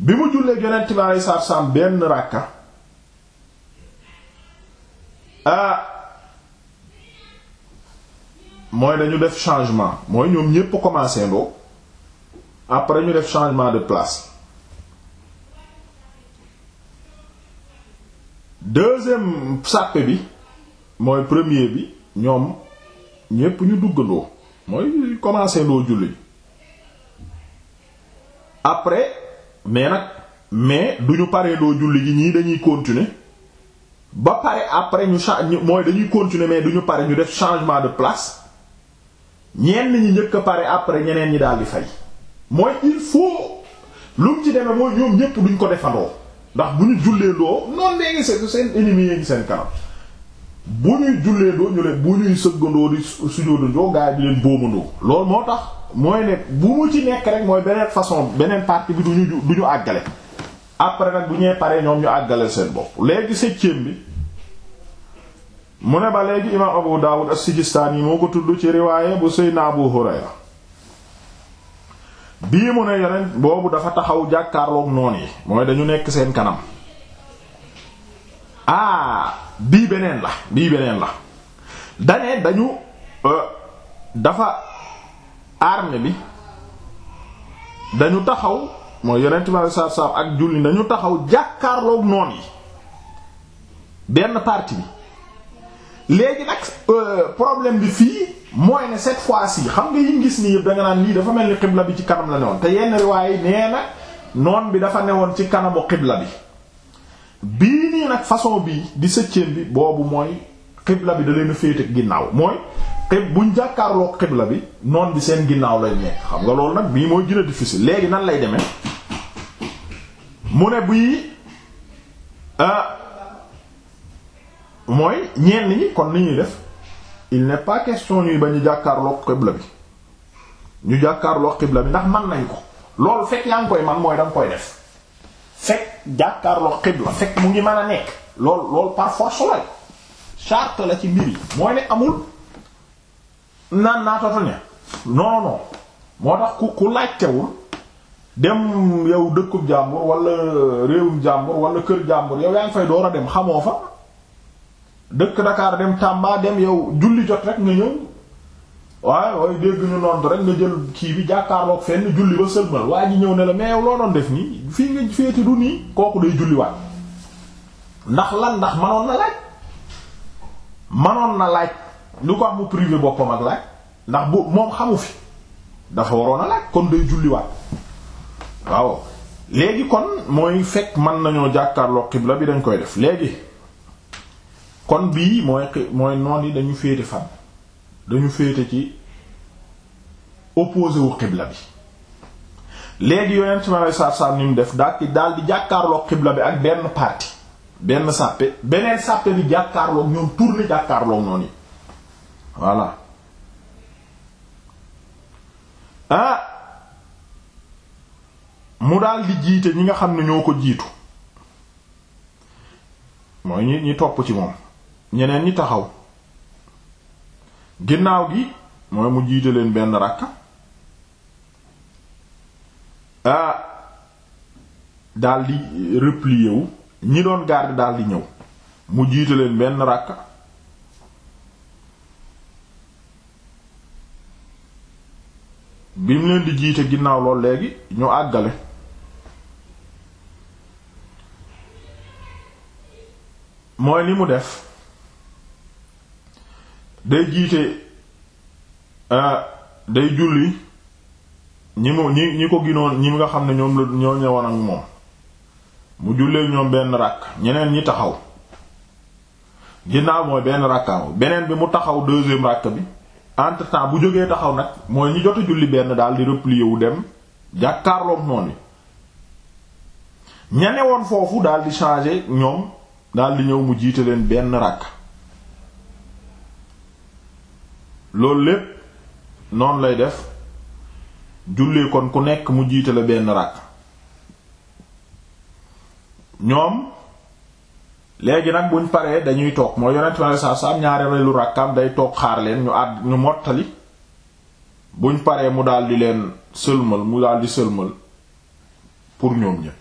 Speaker 1: bi mu jullee yonent bi alayhi salaatu salaam benn ràkka ah mooy dañu def changement mooy ñoom ñépp commencé ndoo après ñu def changement de place deuxième sàppe bi mooy premier bi ñoom ñépp ñu duggandoo mooy commencé ndoo julli après mais nag mais du ñu paree ndoo julli gi ñii dañuy continuer ba pare après ñu change mooy dañuy continuer mais du ñu pare ñu def changement de place ñenn ñi njëkk pare après ñeneen ñi daal di fay mooy il faut lu mu ci demee mooy ñoom ñépp duñ ko defandoo. ndax bu ñu jullee doo noonu nee ngi seen seen ennemis yi ngi seen kanam bu ñuy jullee doo ñu leen bu ñuy sëggandoo di sujóodandoo gaa yi di leen boomandoo loolu moo tax mooy ne bu mu ci nekk rek mooy beneen façon beneen partie bi duñu du ñu àggale après nag bu ñee paree ñoom ñu àggale seen bopp léegi septième bi mu ne ba léegi imaam Abu Dawud as-Sijistani moo ko tudd ci riwaaye bu Seydina Abu Hurayra bii mu ne yeneen boobu dafa taxaw jàkkaarloog noon yi mooy dañu nekk seen kanam aa ah, bii beneen la bii beneen la dane dañu euh, dafa arme bi dañu taxaw mooy yeneen time saab-saab ak julli dañu taxaw jàkkaarloog noon yi benn partie bi léegi nag euh, problème bi fii mooy ne cette fois-ci xam nga yi gis nii yëpp da nga naan lii dafa mel ni xibla bi ci kanam la newoon te yenn riwaay nee na noon bi dafa newoon ci kanamu xibla bi bii nii nag façon bii di septième bi boobu mooy xibla bi da leen a féete ginnaaw mooy xib buñ jàkkaarloo xibla bi noon bi seen ginnaaw lay nekk xam nga loolu nag bii mooy gën a difficile léegi nan lay demee mu ne bii ah. mooy ñenn ñi kon ni ñuy def il n'est pas question ñuy ba ñu jàkkaarloo xibla bi ñu jàkkaarloo xibla bi ndax man nañ ko loolu fekk yaa ngi koy man mooy da koy def fekk jàkkaarloo xibla fekk mu ngi mën a nekk lool lool par force la charte la ci mbir yi mooy ne amul naan naa toto ne non non moo tax ku ku laajtewul dem yow dëkku jàmbur wala réewum jàmbur wala kër jàmbur yow yaa ngi fay door a dem xamoo fa. dëkk Dakar dem Tamba dem yow julli jot rek nga ñëw waaye waaye dégg ñu noonu rek nga jël kii bi jàkkaarlook fenn julli ba sëlmal waa ji ñëw ne la mais yow loo def nii fii nga féete du nii kooku day julliwaat ndax lan ndax manoon na laaj manoon na laaj lu ko am mu privé boppam ak laaj ndax bu moom xamu fi dafa waroon a laaj kon day julliwaat waaw léegi kon mooy fekk mën nañoo jàkkaarloog xibla bi dañ koy def léegi. kon bii mooy mooy noon yi dañu féete fan dañu féete ci opposé xibla bi léegi yonent ma lay saar-saar ni mu def daa ci daal xibla bi ak benn parti benn sàppe beneen sàppe bi jàkkaarloog ñoom tourné jàkkaarloog noonu yi voilà ah mu daldi di jiite ñi nga xam ne ñoo ko jiitu mooy ñi ñi topp ci moom ñeneen ñi taxaw ginnaaw gi mooy mu jiite leen benn rakka ah daldi replier wu ñi doon garde daldi ñëw mu jiite leen benn rakka bi mu leen di jiite ginnaaw lool léegi ñu àggale mooy li mu def day jiite day julli ñi mu ñi ñi ko ginoon ñi nga xam ne ñoom la ñoo ñëwoon ak moom mu jullee ñoom benn ràkk ñeneen ñi taxaw ginnaaw mooy benn rakkaaw beneen bi mu taxaw deuxième rakk bi entre temps bu jógee taxaw nag mooy ñi jot a julli benn daal di replier wu dem jàkkaarloog noonu ña ne woon foofu daal di ñoom daal ñëw mu jiite leen benn rakk. loolu lépp noonu lay def jullee kon ku nekk mu jiite la benn ràkk ñoom léegi nag buñ paree dañuy toog mooy yonent ma saa sa am ñaareelu ràkkam day toog xaar leen ñu àdd ñu mottali buñ paree mu daldi leen sëlmal mu daldi sëlmal pour ñoom ñépp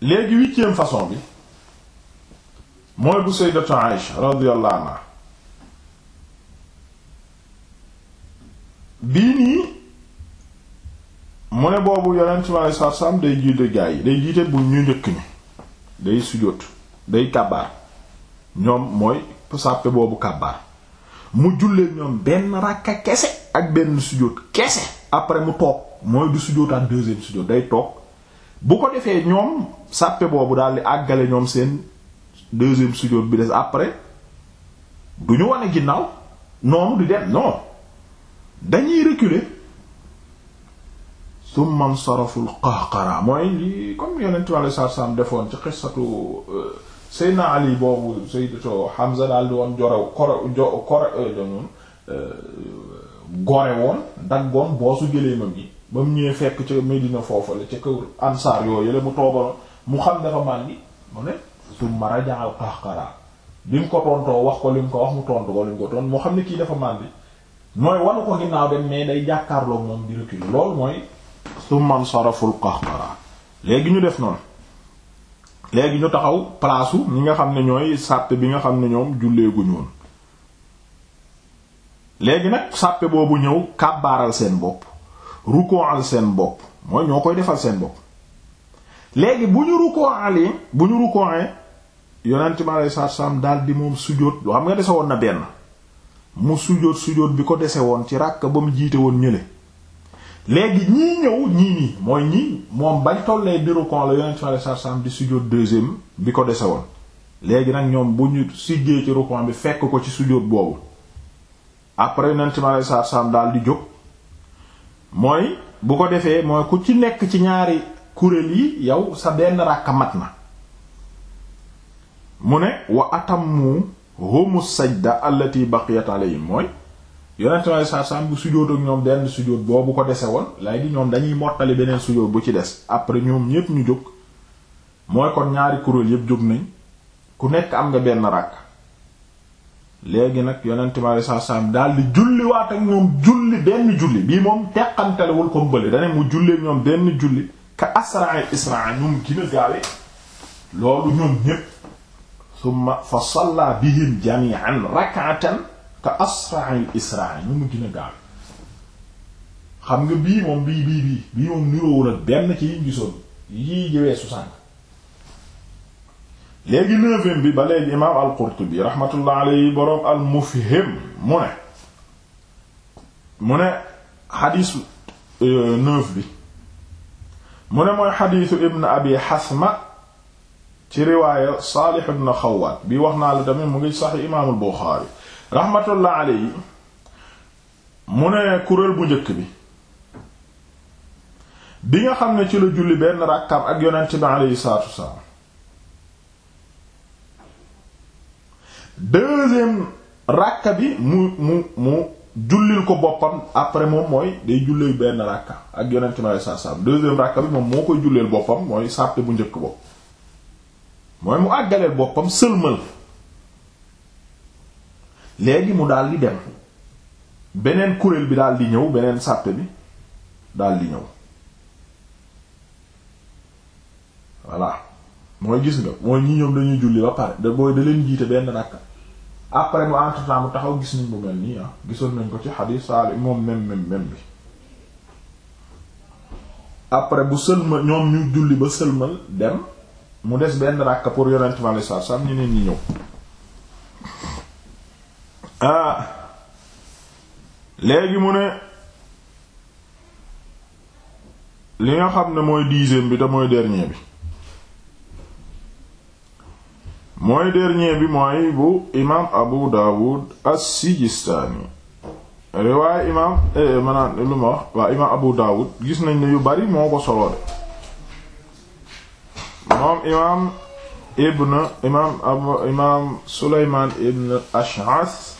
Speaker 1: léegi huitième façon bi mooy bu sayyidatu Aïsha radiyallahu anha bii nii mu ne boobu yonent mi aleyhi salaatu salaam day jiite gaa yi day jiite bu ñu njëkk ñi day sujjóot day kàbbaar ñoom mooy sàppe boobu kàbbaar mu jullee ñoom benn ràkka kese ak benn sujjóot kese après mu toog mooy du sujjóotaat deuxième sujjóot day toog bu ko defee ñoom sàppe boobu daal di àggale ñoom seen deuxième sujjóot bi des après du ñu wane ginnaaw noonu di dem non dañuy reculer summa nsarafu lqahqara mooy li comme yonent bi alei defoon ci xissatu euh, Seydina Ali boobu Sayyidatu Hamza daal di woon jorew kore jo kore euh, dañoon euh, gore woon daggoon boosu gëleemam gi ba mu ñëwee fekk ca Medina foofu la ca kër ansaar yooyu yële mu toogaloon mu xam dafa màndi mu ne summa rajaal qahqara bi mu ko tontoo wax ko li mu ko wax mu tontu ko li mu ko tontu moo xam ne kii dafa màndi mooy wanu ko ginnaaw dem mais day jàkkaarloo moom di recul loolu mooy summan saraful qahqara léegi ñu def noonu léegi ñu taxaw palaasu ñi nga xam ne ñooy sàppe bi nga xam ne ñoom julleeguñu woon léegi nag sàppe boobu ñëw kàbbaaral seen bopp rukoal seen bopp mooy ñoo koy defal seen bopp léegi bu ñu rukoalee bu ñu rukoalee yonent mi alayhi salaam daal di moom sujjóot loo xam nga dese woon na benn mu sujóot sujóot bi ko dese woon ci ràkk ba mu jiite woon ñële léegi ñii ñëw ñii nii mooy ñii moom bañ tollee biru kon la yonent sallallahu alayhi wasallam di sujóot deuxième bi ko dese woon léegi nag ñoom bu ñu siggee ci rukon bi fekk ko ci sujóot boobu après yonent sallallahu alayhi wasallam daal di jóg mooy bu ko defee mooy ku ci nekk ci ñaari kuréel yi yow sa benn ràkk mat na mu ne wa atam humu sajda allati baqiyat alayhim mooy yonent bi saa saam bu sujóot ak ñoom benn sujóot boobu ko desee woon léegi ñoom dañuy mottali beneen sujóot bu ci des après ñoom ñépp ñu jóg mooy kon ñaari kuréel yépp jóg nañ ku nekk am nga benn ràkk léegi nag yonent bi saa saam daal di julliwaat ak ñoom julli benn julli bii moom teqantelewul comme bële dane mu julli ñoom benn julli ka asra'i isra'a ñoom gën a gaawe loolu ñoom ñépp thumma fa salla bihim jami'an rak'atan ka asra'il isra'i nu mu gën a gaaw xam nga bii moom bii bii bii bii moom niroowul ak benn ci yiñ gisoon yii jëwee su sànk léegi neuvième bi ba léegi imaam al-Qurtubi rahmatullah alayhi boroom al-Mufhim mu ne mu ne xadiis euh, neuf bi mu ne mooy xadiisu ibn abi Hasma ci riwaaya Saalih ibn Xawwaat bi wax naa la tamit mu ngi sax imaamul Buxaari rahmatullah alayhi mu ne kuréel bu njëkk bi bi nga xam ne ci la julli benn ràkkaam ak yonent bi alayhi salaatu wassalaam deuxième ràkka bi mu mu mu jullil ko boppam après moom mooy day jullee benn ràkka ak yonent bi alayhi salaatu wassalaam deuxième ràkka bi moom moo koy julleel boppam mooy sàppe bu njëkk bopp mooy mu àggaleel boppam sëlmal léegi mu daldi di dem beneen kuréel bi daal ñëw beneen sàppe bi daldi ñëw voilà mooy gis nga mooy ñi ñoom dañuy julli ba pare da booy da jiite benn rakka après mu entre mu taxaw gis nañ bu mel nii ah gisoon nañ ko ci xadiis saali moom même même même bi après bu sëlmal ñoom ñu julli ba sëlmal dem mu des benn ràkk pour yonent mi alei satu salaam ñeneen ñi ah. léegi mu ne li nga xam ne mooy dixième bi te mooy dernier bi mooy dernier bi mooy bu imaam Abu Dawud as-Sijistaani riwaay imaam eh, lu ma wax waa imaam Abu Dawud gis nañ ne yu bari moo ko solo de moom imaam ibn imaam abu ibn Ash'as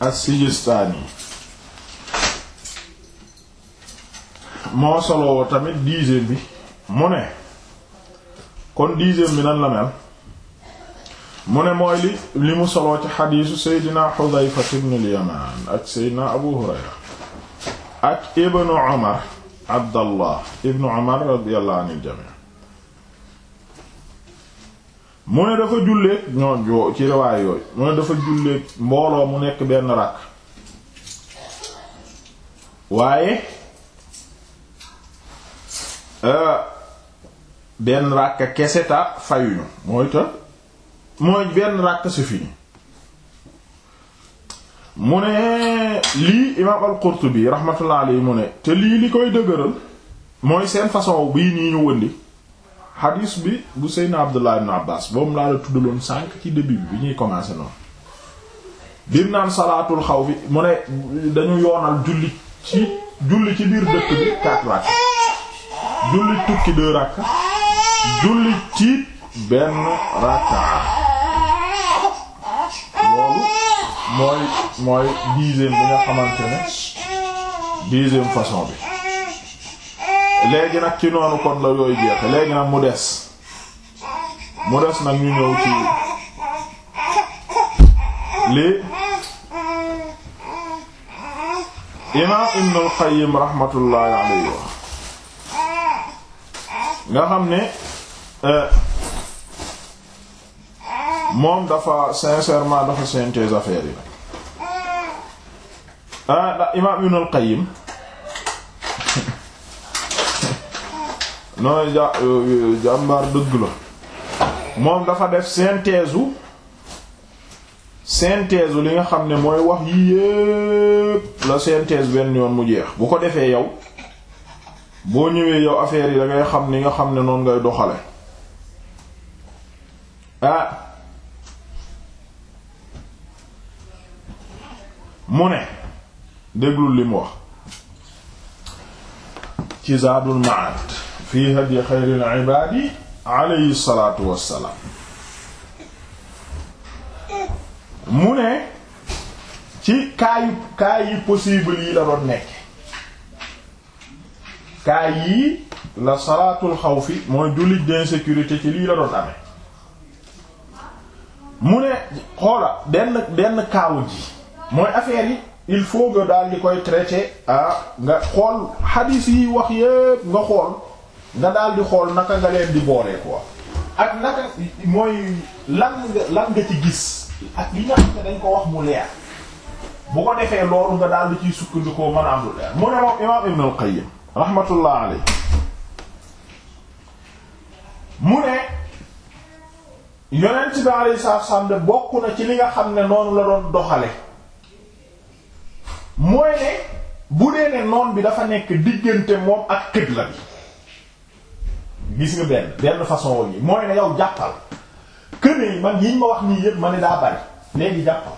Speaker 1: as-Sijistaani moo soloo tamit dixième bi mu ne kon dixième bi nan la mel mu ne mooy li li mu soloo ci xadiisu Seydina Xudayfa ibn al-Yamaan ak Seydina Abu Hurayra ak ibnu Umar Abdallah ibnu Umar radiyallahu anil jamii mu ne dafa julleek ñoon joo ci riwaay yooyu mu ne dafa julleek mbooloo mu nekk benn rakk waaye euh, benn rakk keseta ta mooy ta mooy benn rakk si fi mu ne lii imaam al-Qurtubi rahmatullah mu ne te lii li koy dëgëral mooy seen façon bii nii ñu wëndi xadiis bi bu seyna Abdullah ibn Abbas boobu la tuddaloon sànq ci début bi bi ñuy commencé noonu biir naan salaatul xaw bi mu ne dañu yoonal julli ci julli ci biir dëkk bi quatre rakk julli tukki deux rakk julli ci benn rakka loolu mooy mooy dixième nga xamante ne dixième façon bi léegi nag ci noonu kon la yooyu jeexe léegi nag mu des mu des nag ñu ñëw ci li imaam Ibn al-Qayyim rahmatullahi alayhi nga xam ni euh, moom dafa sincèrement dafa synthèse affaire yi nag ah, imaam Ibn al non ja euh, euh, jàmbaar dëgg la moom dafa def synthèse u li nga xam ne mooy wax yii yépp la synthèse benn yoon mu jeex bu ko defee yow boo ñëwee yow affaire yi da ngay xam ni nga xam ne noonu ngay doxale ah mu ne déglul li wax ci Zaadul Ma'ad fi hadi xayril ibaadi mu ne ci cas yi cas yi possible yi la doon nekk cas yi la salaatul xawfi mooy jullit d'insécurité ci lii la doon amee mu ne xoola benn benn kaawu ji mooy affaire yi il faut nga daal di koy traité ah nga xool xadiis yi wax yépp nga xool nga daal di xool naka nga leen di boole quoi ak naka mooy lan nga lan nga ci gis ak li nga xam ne dañ ko wax mu leer bu ko defee loolu nga daal di ciy sukkandikoo mën a am lu leer mu ne moom imaam Ibn al-Qayyim rahmatullah alayhi bokk na ci li nga xam ne noonu la doon doxale mooy ne bu dee ne noon bi dafa nekk diggante moom ak xibla bi gis nga benn benn façon yi mooy ne yow jàppal këne man yiñ ma wax nii yëpp ma ne daa bari léegi jàppal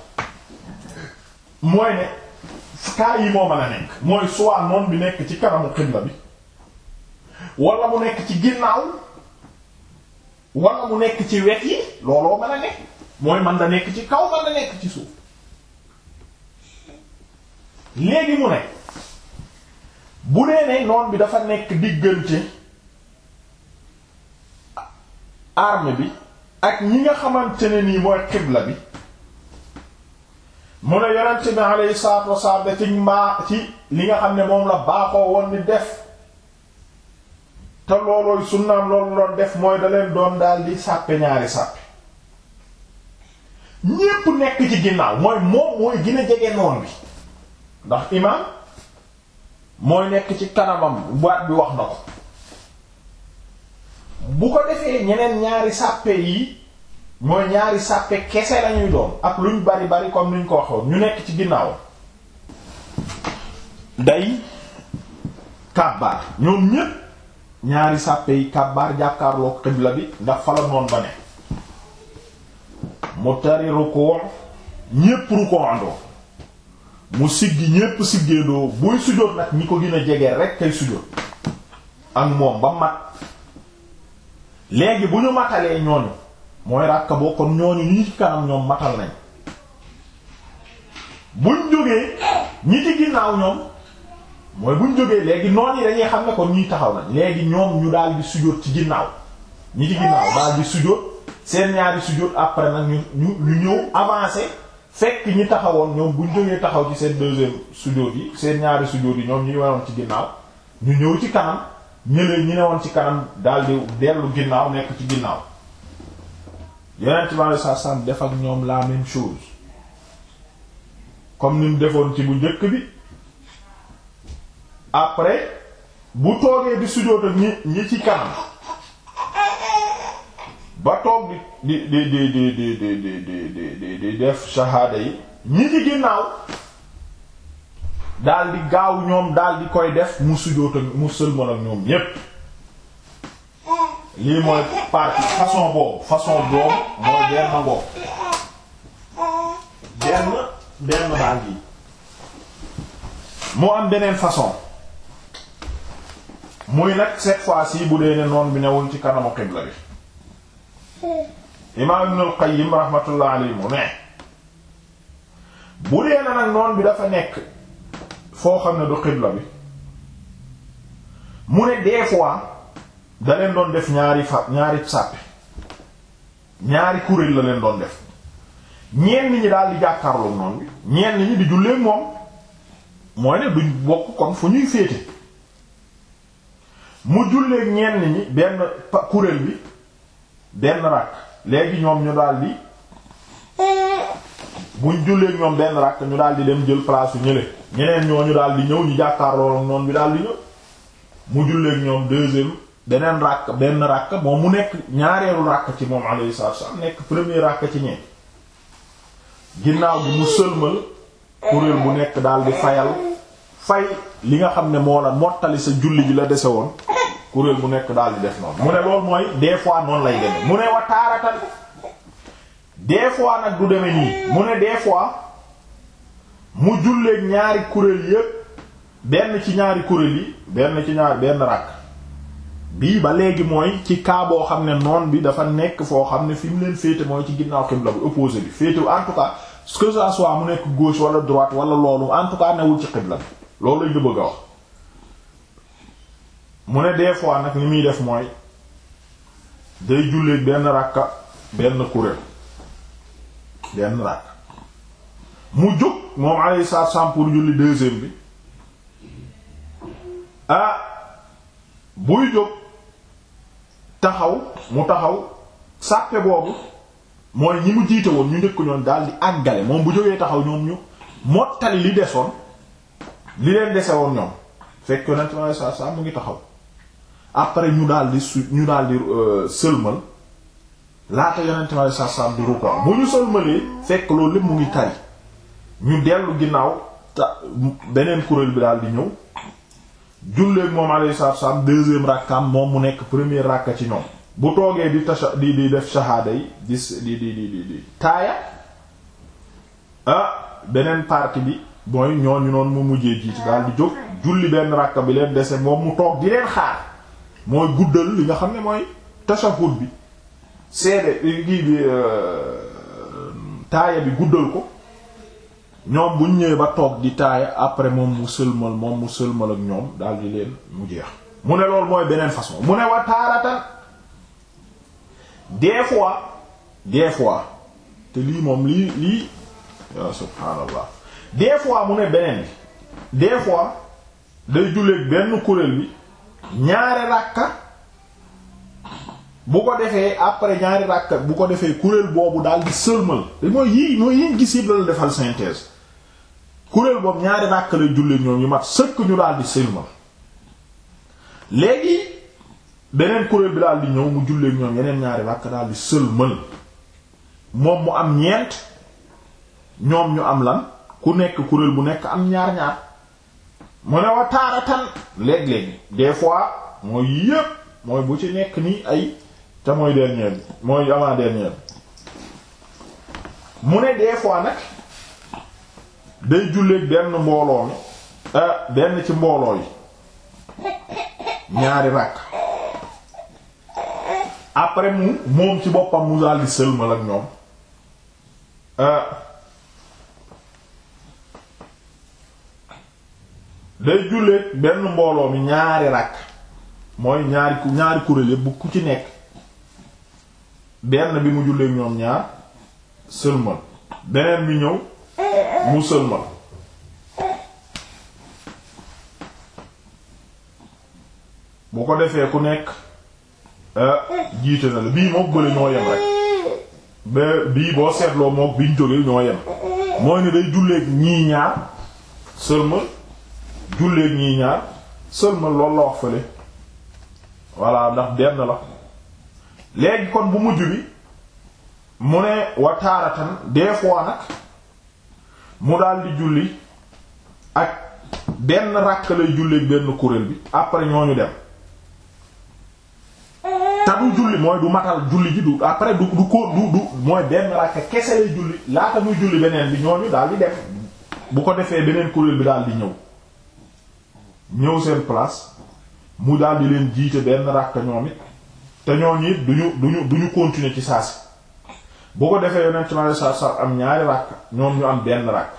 Speaker 1: mooy ne cas yi moo mën a nekk mooy soit noon bi nekk ci kanamu xibla bi wala mu nekk ci ginnaaw wala mu nekk ci wet yi looloo mën a nekk mooy man da nekk ci kaw man da nekk ci suuf léegi mu ne bu dee ne noon bi dafa nekk diggante arme bi ak ñi nga xamante ne nii mooy xibla bi mu ne yonent bi alayhi salaatu wasalaam da ci maa ci li nga xam ne moom la baaxoo woon ni def te loolooy sunnaam loolu doon def mooy da leen doon daal di sàppe ñaari sàppe ñépp nekk ci ginnaaw mooy moom mooy gën a jege noon bi ndax imaam mooy nekk ci kanamam baat bi wax na ko bu ko defee ñeneen ñaari sàppe yi mooy ñaari sàppe kese lañuy doon ak luñ bari bari comme niñ ko waxoon ñu nekk ci ginnaaw day kàbbaar ñoom ñépp ñaari sàppe yi kàbbaar jàkkaarloo xibla bi ndax fala la noon ba ne mu tari rukkoo ñépp rukkoo mu siggi ñépp siggeendoo buy sujjóot nag ñi ko gën a jege rek kay sujjóot ak moom ba mat léegi bu ñu matalee ñooñu mooy ràkka boo kon ñooñu ñi ci kanam ñoom matal nañ buñ jógee ñi ci ginnaaw ñoom mooy buñ jógee léegi noon yi dañuy xam ne kon ñuy taxaw nañ léegi ñoom ñu daal di sujjóot ci ginnaaw ñi ci ginnaaw daal seen ñaari sujjóot après nag ñu ñu ñu ñëw avancé fekk ñi taxawoon ñoom buñ jógee taxaw ci seen deuxième sujjóot yi seen ñaari sujjóot yi ñoom ñu waroon ci ginnaaw ñu ñëw ci kanam ñëlee ñi ne woon ci kanam daldi dellu ginnaaw nekk ci ginnaaw yonent bi alei satu salaam def ak ñoom la même chose comme ni mu defoon ci bu njëkk bi après bu toogee di sujjóot ak ñi ñi ci kanam ba toog di di di di di di di di di di def shahaada yi ñi ci ginnaaw daal di gaaw ñoom daal di koy def mu sujjóot ak mu sëlmal ak ñoom ñépp lii mooy partie façon boobu façon boobu mooy benn ngoog benn benn baal yi moo am beneen façon muy nag cette fois-ci bu dee ne noon bi newul ci kanamu xibla bi imaam Ibn al rahmatullah alayhi mu ne bu dee ne nag noon bi dafa nekk foo xam ne du la bi mu ne des fois da leen doon def ñaari fa ñaari sàppe ñaari kuréel la leen doon def ñeen ñi daal di jàkkaarloog noonu bi ñeen ñi di jullee moom mooy ne duñ bokk kon fu ñuy féete mu jullee ñeen ñi benn kuréel bi benn rakk léegi ñoom ñu daal di buñ jullee ñoom benn rakk ñu daal di dem jël place su ñële ñeneen ñooñu daal di ñëw ñu jàkkaarloo noonu bi daal ñëw mu julleek ñoom deuxième beneen ràkk benn ràkk moom mu nekk ñaareelu ràkk ci moom alayhi salaatu wasallam nekk premier ràkk ci ñeen ginnaaw bi mu sëlmal kuréel bu nekk daal di fayal fay li nga xam ne moo la mottali sa julli ji la dese woon kuréel bu nekk daal di def noonu mu ne loolu mooy des fois noonu lay deme mu ne wa taaratal des fois nag du deme nii mu ne des fois mu julleeg ñaari kuréel yépp benn ci ñaari kuréel yi benn ci ñaar benn ràkk bii ba léegi mooy ci kaa boo xam ne noon bi dafa nekk foo xam ne fi mu leen féete mooy ci ginnaaw xibla bu opposé bi féete en tout que ça soit mu nekk gauche wala droite wala loolu en tout newul ci xibla bi loolu lañ la bëgg a wax mu ne des fois nag ni muy def mooy day julleeg benn ràkka benn kuréel benn ràkk mu jóg moom alayhi salaatu salaam pour julli deuxième bi ah buy jóg taxaw mu taxaw sàppe boobu mooy ñi mu jiite woon ñu njëkk ñoon daal di àggale moom bu jógee taxaw ñoom ñu mottali li desoon li leen dese woon ñoom fekk yonent bi alayhi salaatu mu ngi taxaw après ñu daal di su ñu daal di euh, sëlmal laata yonent bi alayhi salaatu salaam di rukkoo bu ñu sëlmalee fekk loolu lépp mu ngi tari ñu dellu ginnaaw ta beneen kuréel bi daal di ñëw julleeg moom alayhi salaatu wassalaam deuxième rakkaam moom mu nekk premier rakka ci ñoom bu toogee di tasha di di def shahaada yi di di di di di taaya ah, beneen partie bi mooy ñooñu noonu mu mujjee jiitu daal di jóg julli benn rakka bi leen dese moom mu toog di leen xaar mooy guddal li nga xam ne mooy tashahhud bi seede eh, kii bi eh, taaya bi guddal ko ñoom buñ ñëwee ba toog di taaya après moom mu sëlmal moom mu sëlmal ak ñoom daal di leen mu jeex mu ne loolu mooy beneen façon mu ne wa taaratan fois des fois te lii moom lii lii ya subhaanallah des fois mu ne beneen bi des fois day julleeg benn kuréel bi ñaari ràkka bu ko defee après ñaari ràkka bu ko defee kuréel boobu daal di sëlmal mooy yii mooy yiñ gis yëpp la defal synthèse kuréel boobu ñaari ràkk la jullit ñoom yu mat sëkk ñu daal di silmal léegi beneen kuréel bi daal ñëw mu jullee ñoom yeneen ñaari ràkk daal di sëlmal moom mu am ñeent ñoom ñu am lan ku nekk kuréel bu nekk am ñaar-ñaar mu ne wa taaratan léeg-léeg des fois mooy yépp mooy bu ci nekk nii ay te mooy dernier bi mooy avant dernier bi mu ne des nag day julleek benn mbooloo mi eh, benn ci mbooloo yi ñaari ràkk après mu moom ci boppam mu daldi sëlmal ak ñoom eh, day julleek benn mbooloo mi ñaari ràkk mooy ñaari ku ñaari kuréel yépp bu ku ci nekk benn bi mu julleek ñoom ñaar sëlmal beneen bi ñëw mu sëlmal bu ko defee ku nekk eh, jiite na la bii mook bële ñoo yem rek ba bii boo seetloo mook biñ jóge ñoo yem mooy ne day julleek ñii ñaar sëlmal julleek ñii ñaar sëlmal loolu la wax fële voilà ndax benn la léegi kon bu mujj bi mu ne wa taaratan des nag mu daldi julli ak benn ràkk lay julli benn kuréel bi après ñooñu dem te du julli mooy du matal julli ji du après du du ko du du mooy benn ràkk kese lay julli laata muy julli beneen bi ñooñu daldi dem bu ko defee beneen kuréel bi daldi ñëw ñëw seen place mu daldi leen jiite benn ràkk ñoo it te ñooñu it duñu duñu ñu continuer ci saa si bu ko defee yonent mi alayhi salaatu salaam am ñaari ràkk ñoom ñu am benn ràkk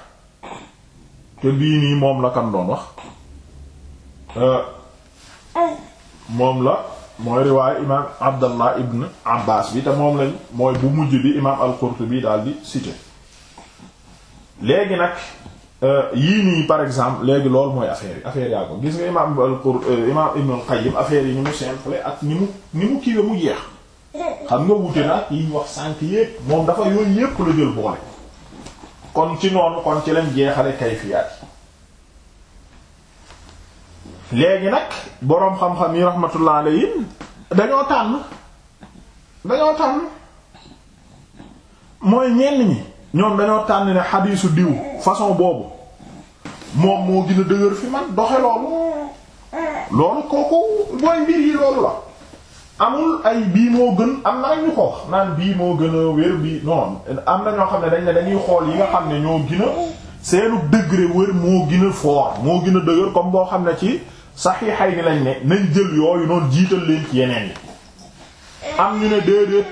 Speaker 1: te bii nii moom la kan doon wax euh, moom la mooy riwaay imaam Abdallah ibn Abbas bi te moom lañ mooy bu mujj bi imaam al-Qurtubi daal di cité léegi nag euh, yii nii par exemple léegi loolu mooy affaire yi affaire yaa ko gis nga imaam al-Qur euh, imaam Ibn al-Qayyim affaire yi ni mu simple ak ni mu ni mu kiiwee mu jeex. xam nga wute na yiñ wax sànk yépp moom dafa yooyu yépp la jël boole kon ci noonu kon ci lañ jeexale kayfiyaat yi léegi nag boroom xam-xam yi rahmatullah alayhim dañoo tànn dañoo tànn mooy ñenn ñi ñoom dañoo tànn ne xadiisu diw façon boobu moom moo gën a dëgër fi man doxe loolu loolu kooku mooy mbir yi loolu la amul ay bii moo gën am na ñu ko naan bii moo gën a wér bii non am na ñoo xam ne dañ dañuy xool yi nga xam ne ñoo gën a seenu degré wér moo gën a fort moo gën a dëgër comme boo xam ne ci saxiixay ni lañ ne nañ jël yooyu noonu jiital leen ci yeneen yi am ñu ne déedéet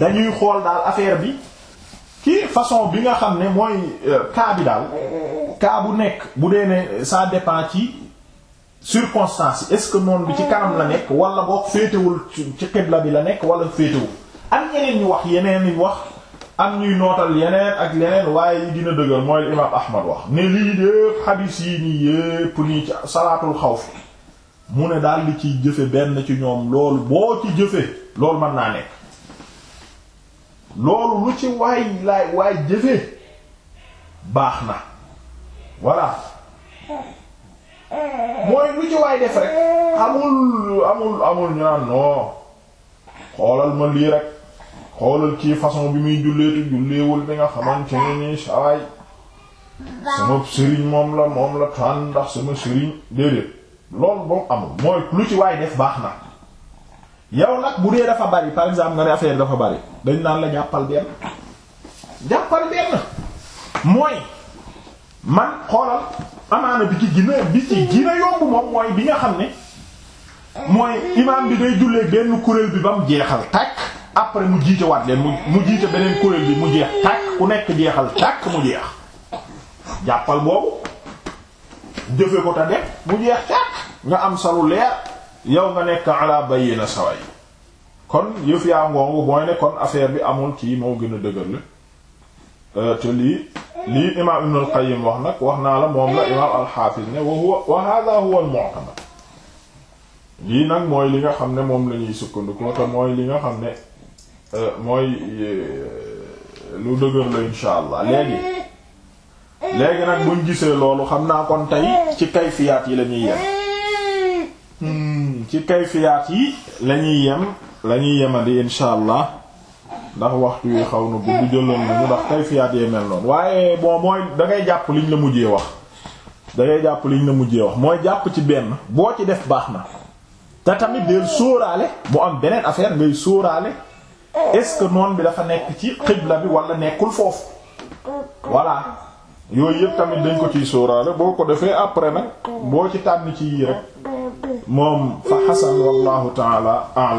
Speaker 1: dañuy xool daal affaire bi ki façon bi nga xam ne mooy euh, cas bi daal cas bu nekk bu dee ne ça dépend ci circonstance yi est-ce que noon bi ci kanam la nekk wala boo féetewul ci xibla bi la nekk wala féetewul am ñu wax yeneen yi wax am ñuy nootal yeneen ak leneen waaye li dina dëgër mooy imaam Ahmad wax ne lii yépp xadiis yi nii yépp nii ci salaatul xawf mu ne daal li ciy jëfe benn ci ñoom loolu boo ci jëfe loolu mën naa nekk loolu lu ci waay laay waay jëfe baax na voilà mooy lu ci waay def rek amul amul amul ñu naan xoolal ma lii rek xoolal ci façon bi muy julleetu julleewul bi nga xamante ne nii sawaay sama sëriñ moom la moom la tànn ndax sama sëriñ déedéet loolu moom amul mooy lu ci waay def baax na yow nag bu dee dafa bari par exemple nga ne affaire dafa bari dañ naan la jàppal benn jàppal benn mooy man xoolal amaana bi ci gina bi ci hmm. gina yomb moom mooy bi nga xam ne mooy imaam bi day jullee benn kuréel bi ba mu jeexal takk après mu jiite waat leen mu mu jiite beneen kuréel bi mu jeex tàkk ku nekk jeexal tàkk mu jeex jàppal boobu jëfe ko ta def mu jeex tàkk nga am salu leer yow nga nekk ala bayyina saway kon yëf yaa ngoongu mooy ne kon affaire bi amul kii moo gën a dëgër la Euh, te lii lii imaam Ibn al-Qayyim wax nag wax naa la moom la imaam al-Hafiz ne wa huwa wa hadha huwa al-mu'tamad lii nag mooy li nga xam ne moom la ñuy sukkandiku mooy li nga xam ne euh, mooy euh, lu dëgër la insha allah léegi léegi nag buñ gisee loolu xam naa kon tey ci kayfiyaat yi lañuy yem hmm, ci kayfiyaat yi lañuy ñuy yem la ñuy yemandi insha allah ndax waxtu yi xaw na gudd jëloon nañu ndax kayfiyaat yee mel noonu waaye bon mooy da ngay jàpp liñ la mujjee wax da jàpp liñ la mujjee wax mooy jàpp ci benn boo ci def baax na te tamit del sóoraale bu am beneen affaire ngay sóoraale est-ce que noon bi dafa nekk ci xibla bi wala nekkul foofu voilà yooyu yëpp tamit dañ ko ciy sóoraale boo ko defee après nag boo ci tànn ci yii rek moom fa xasan wallahu taala a'lam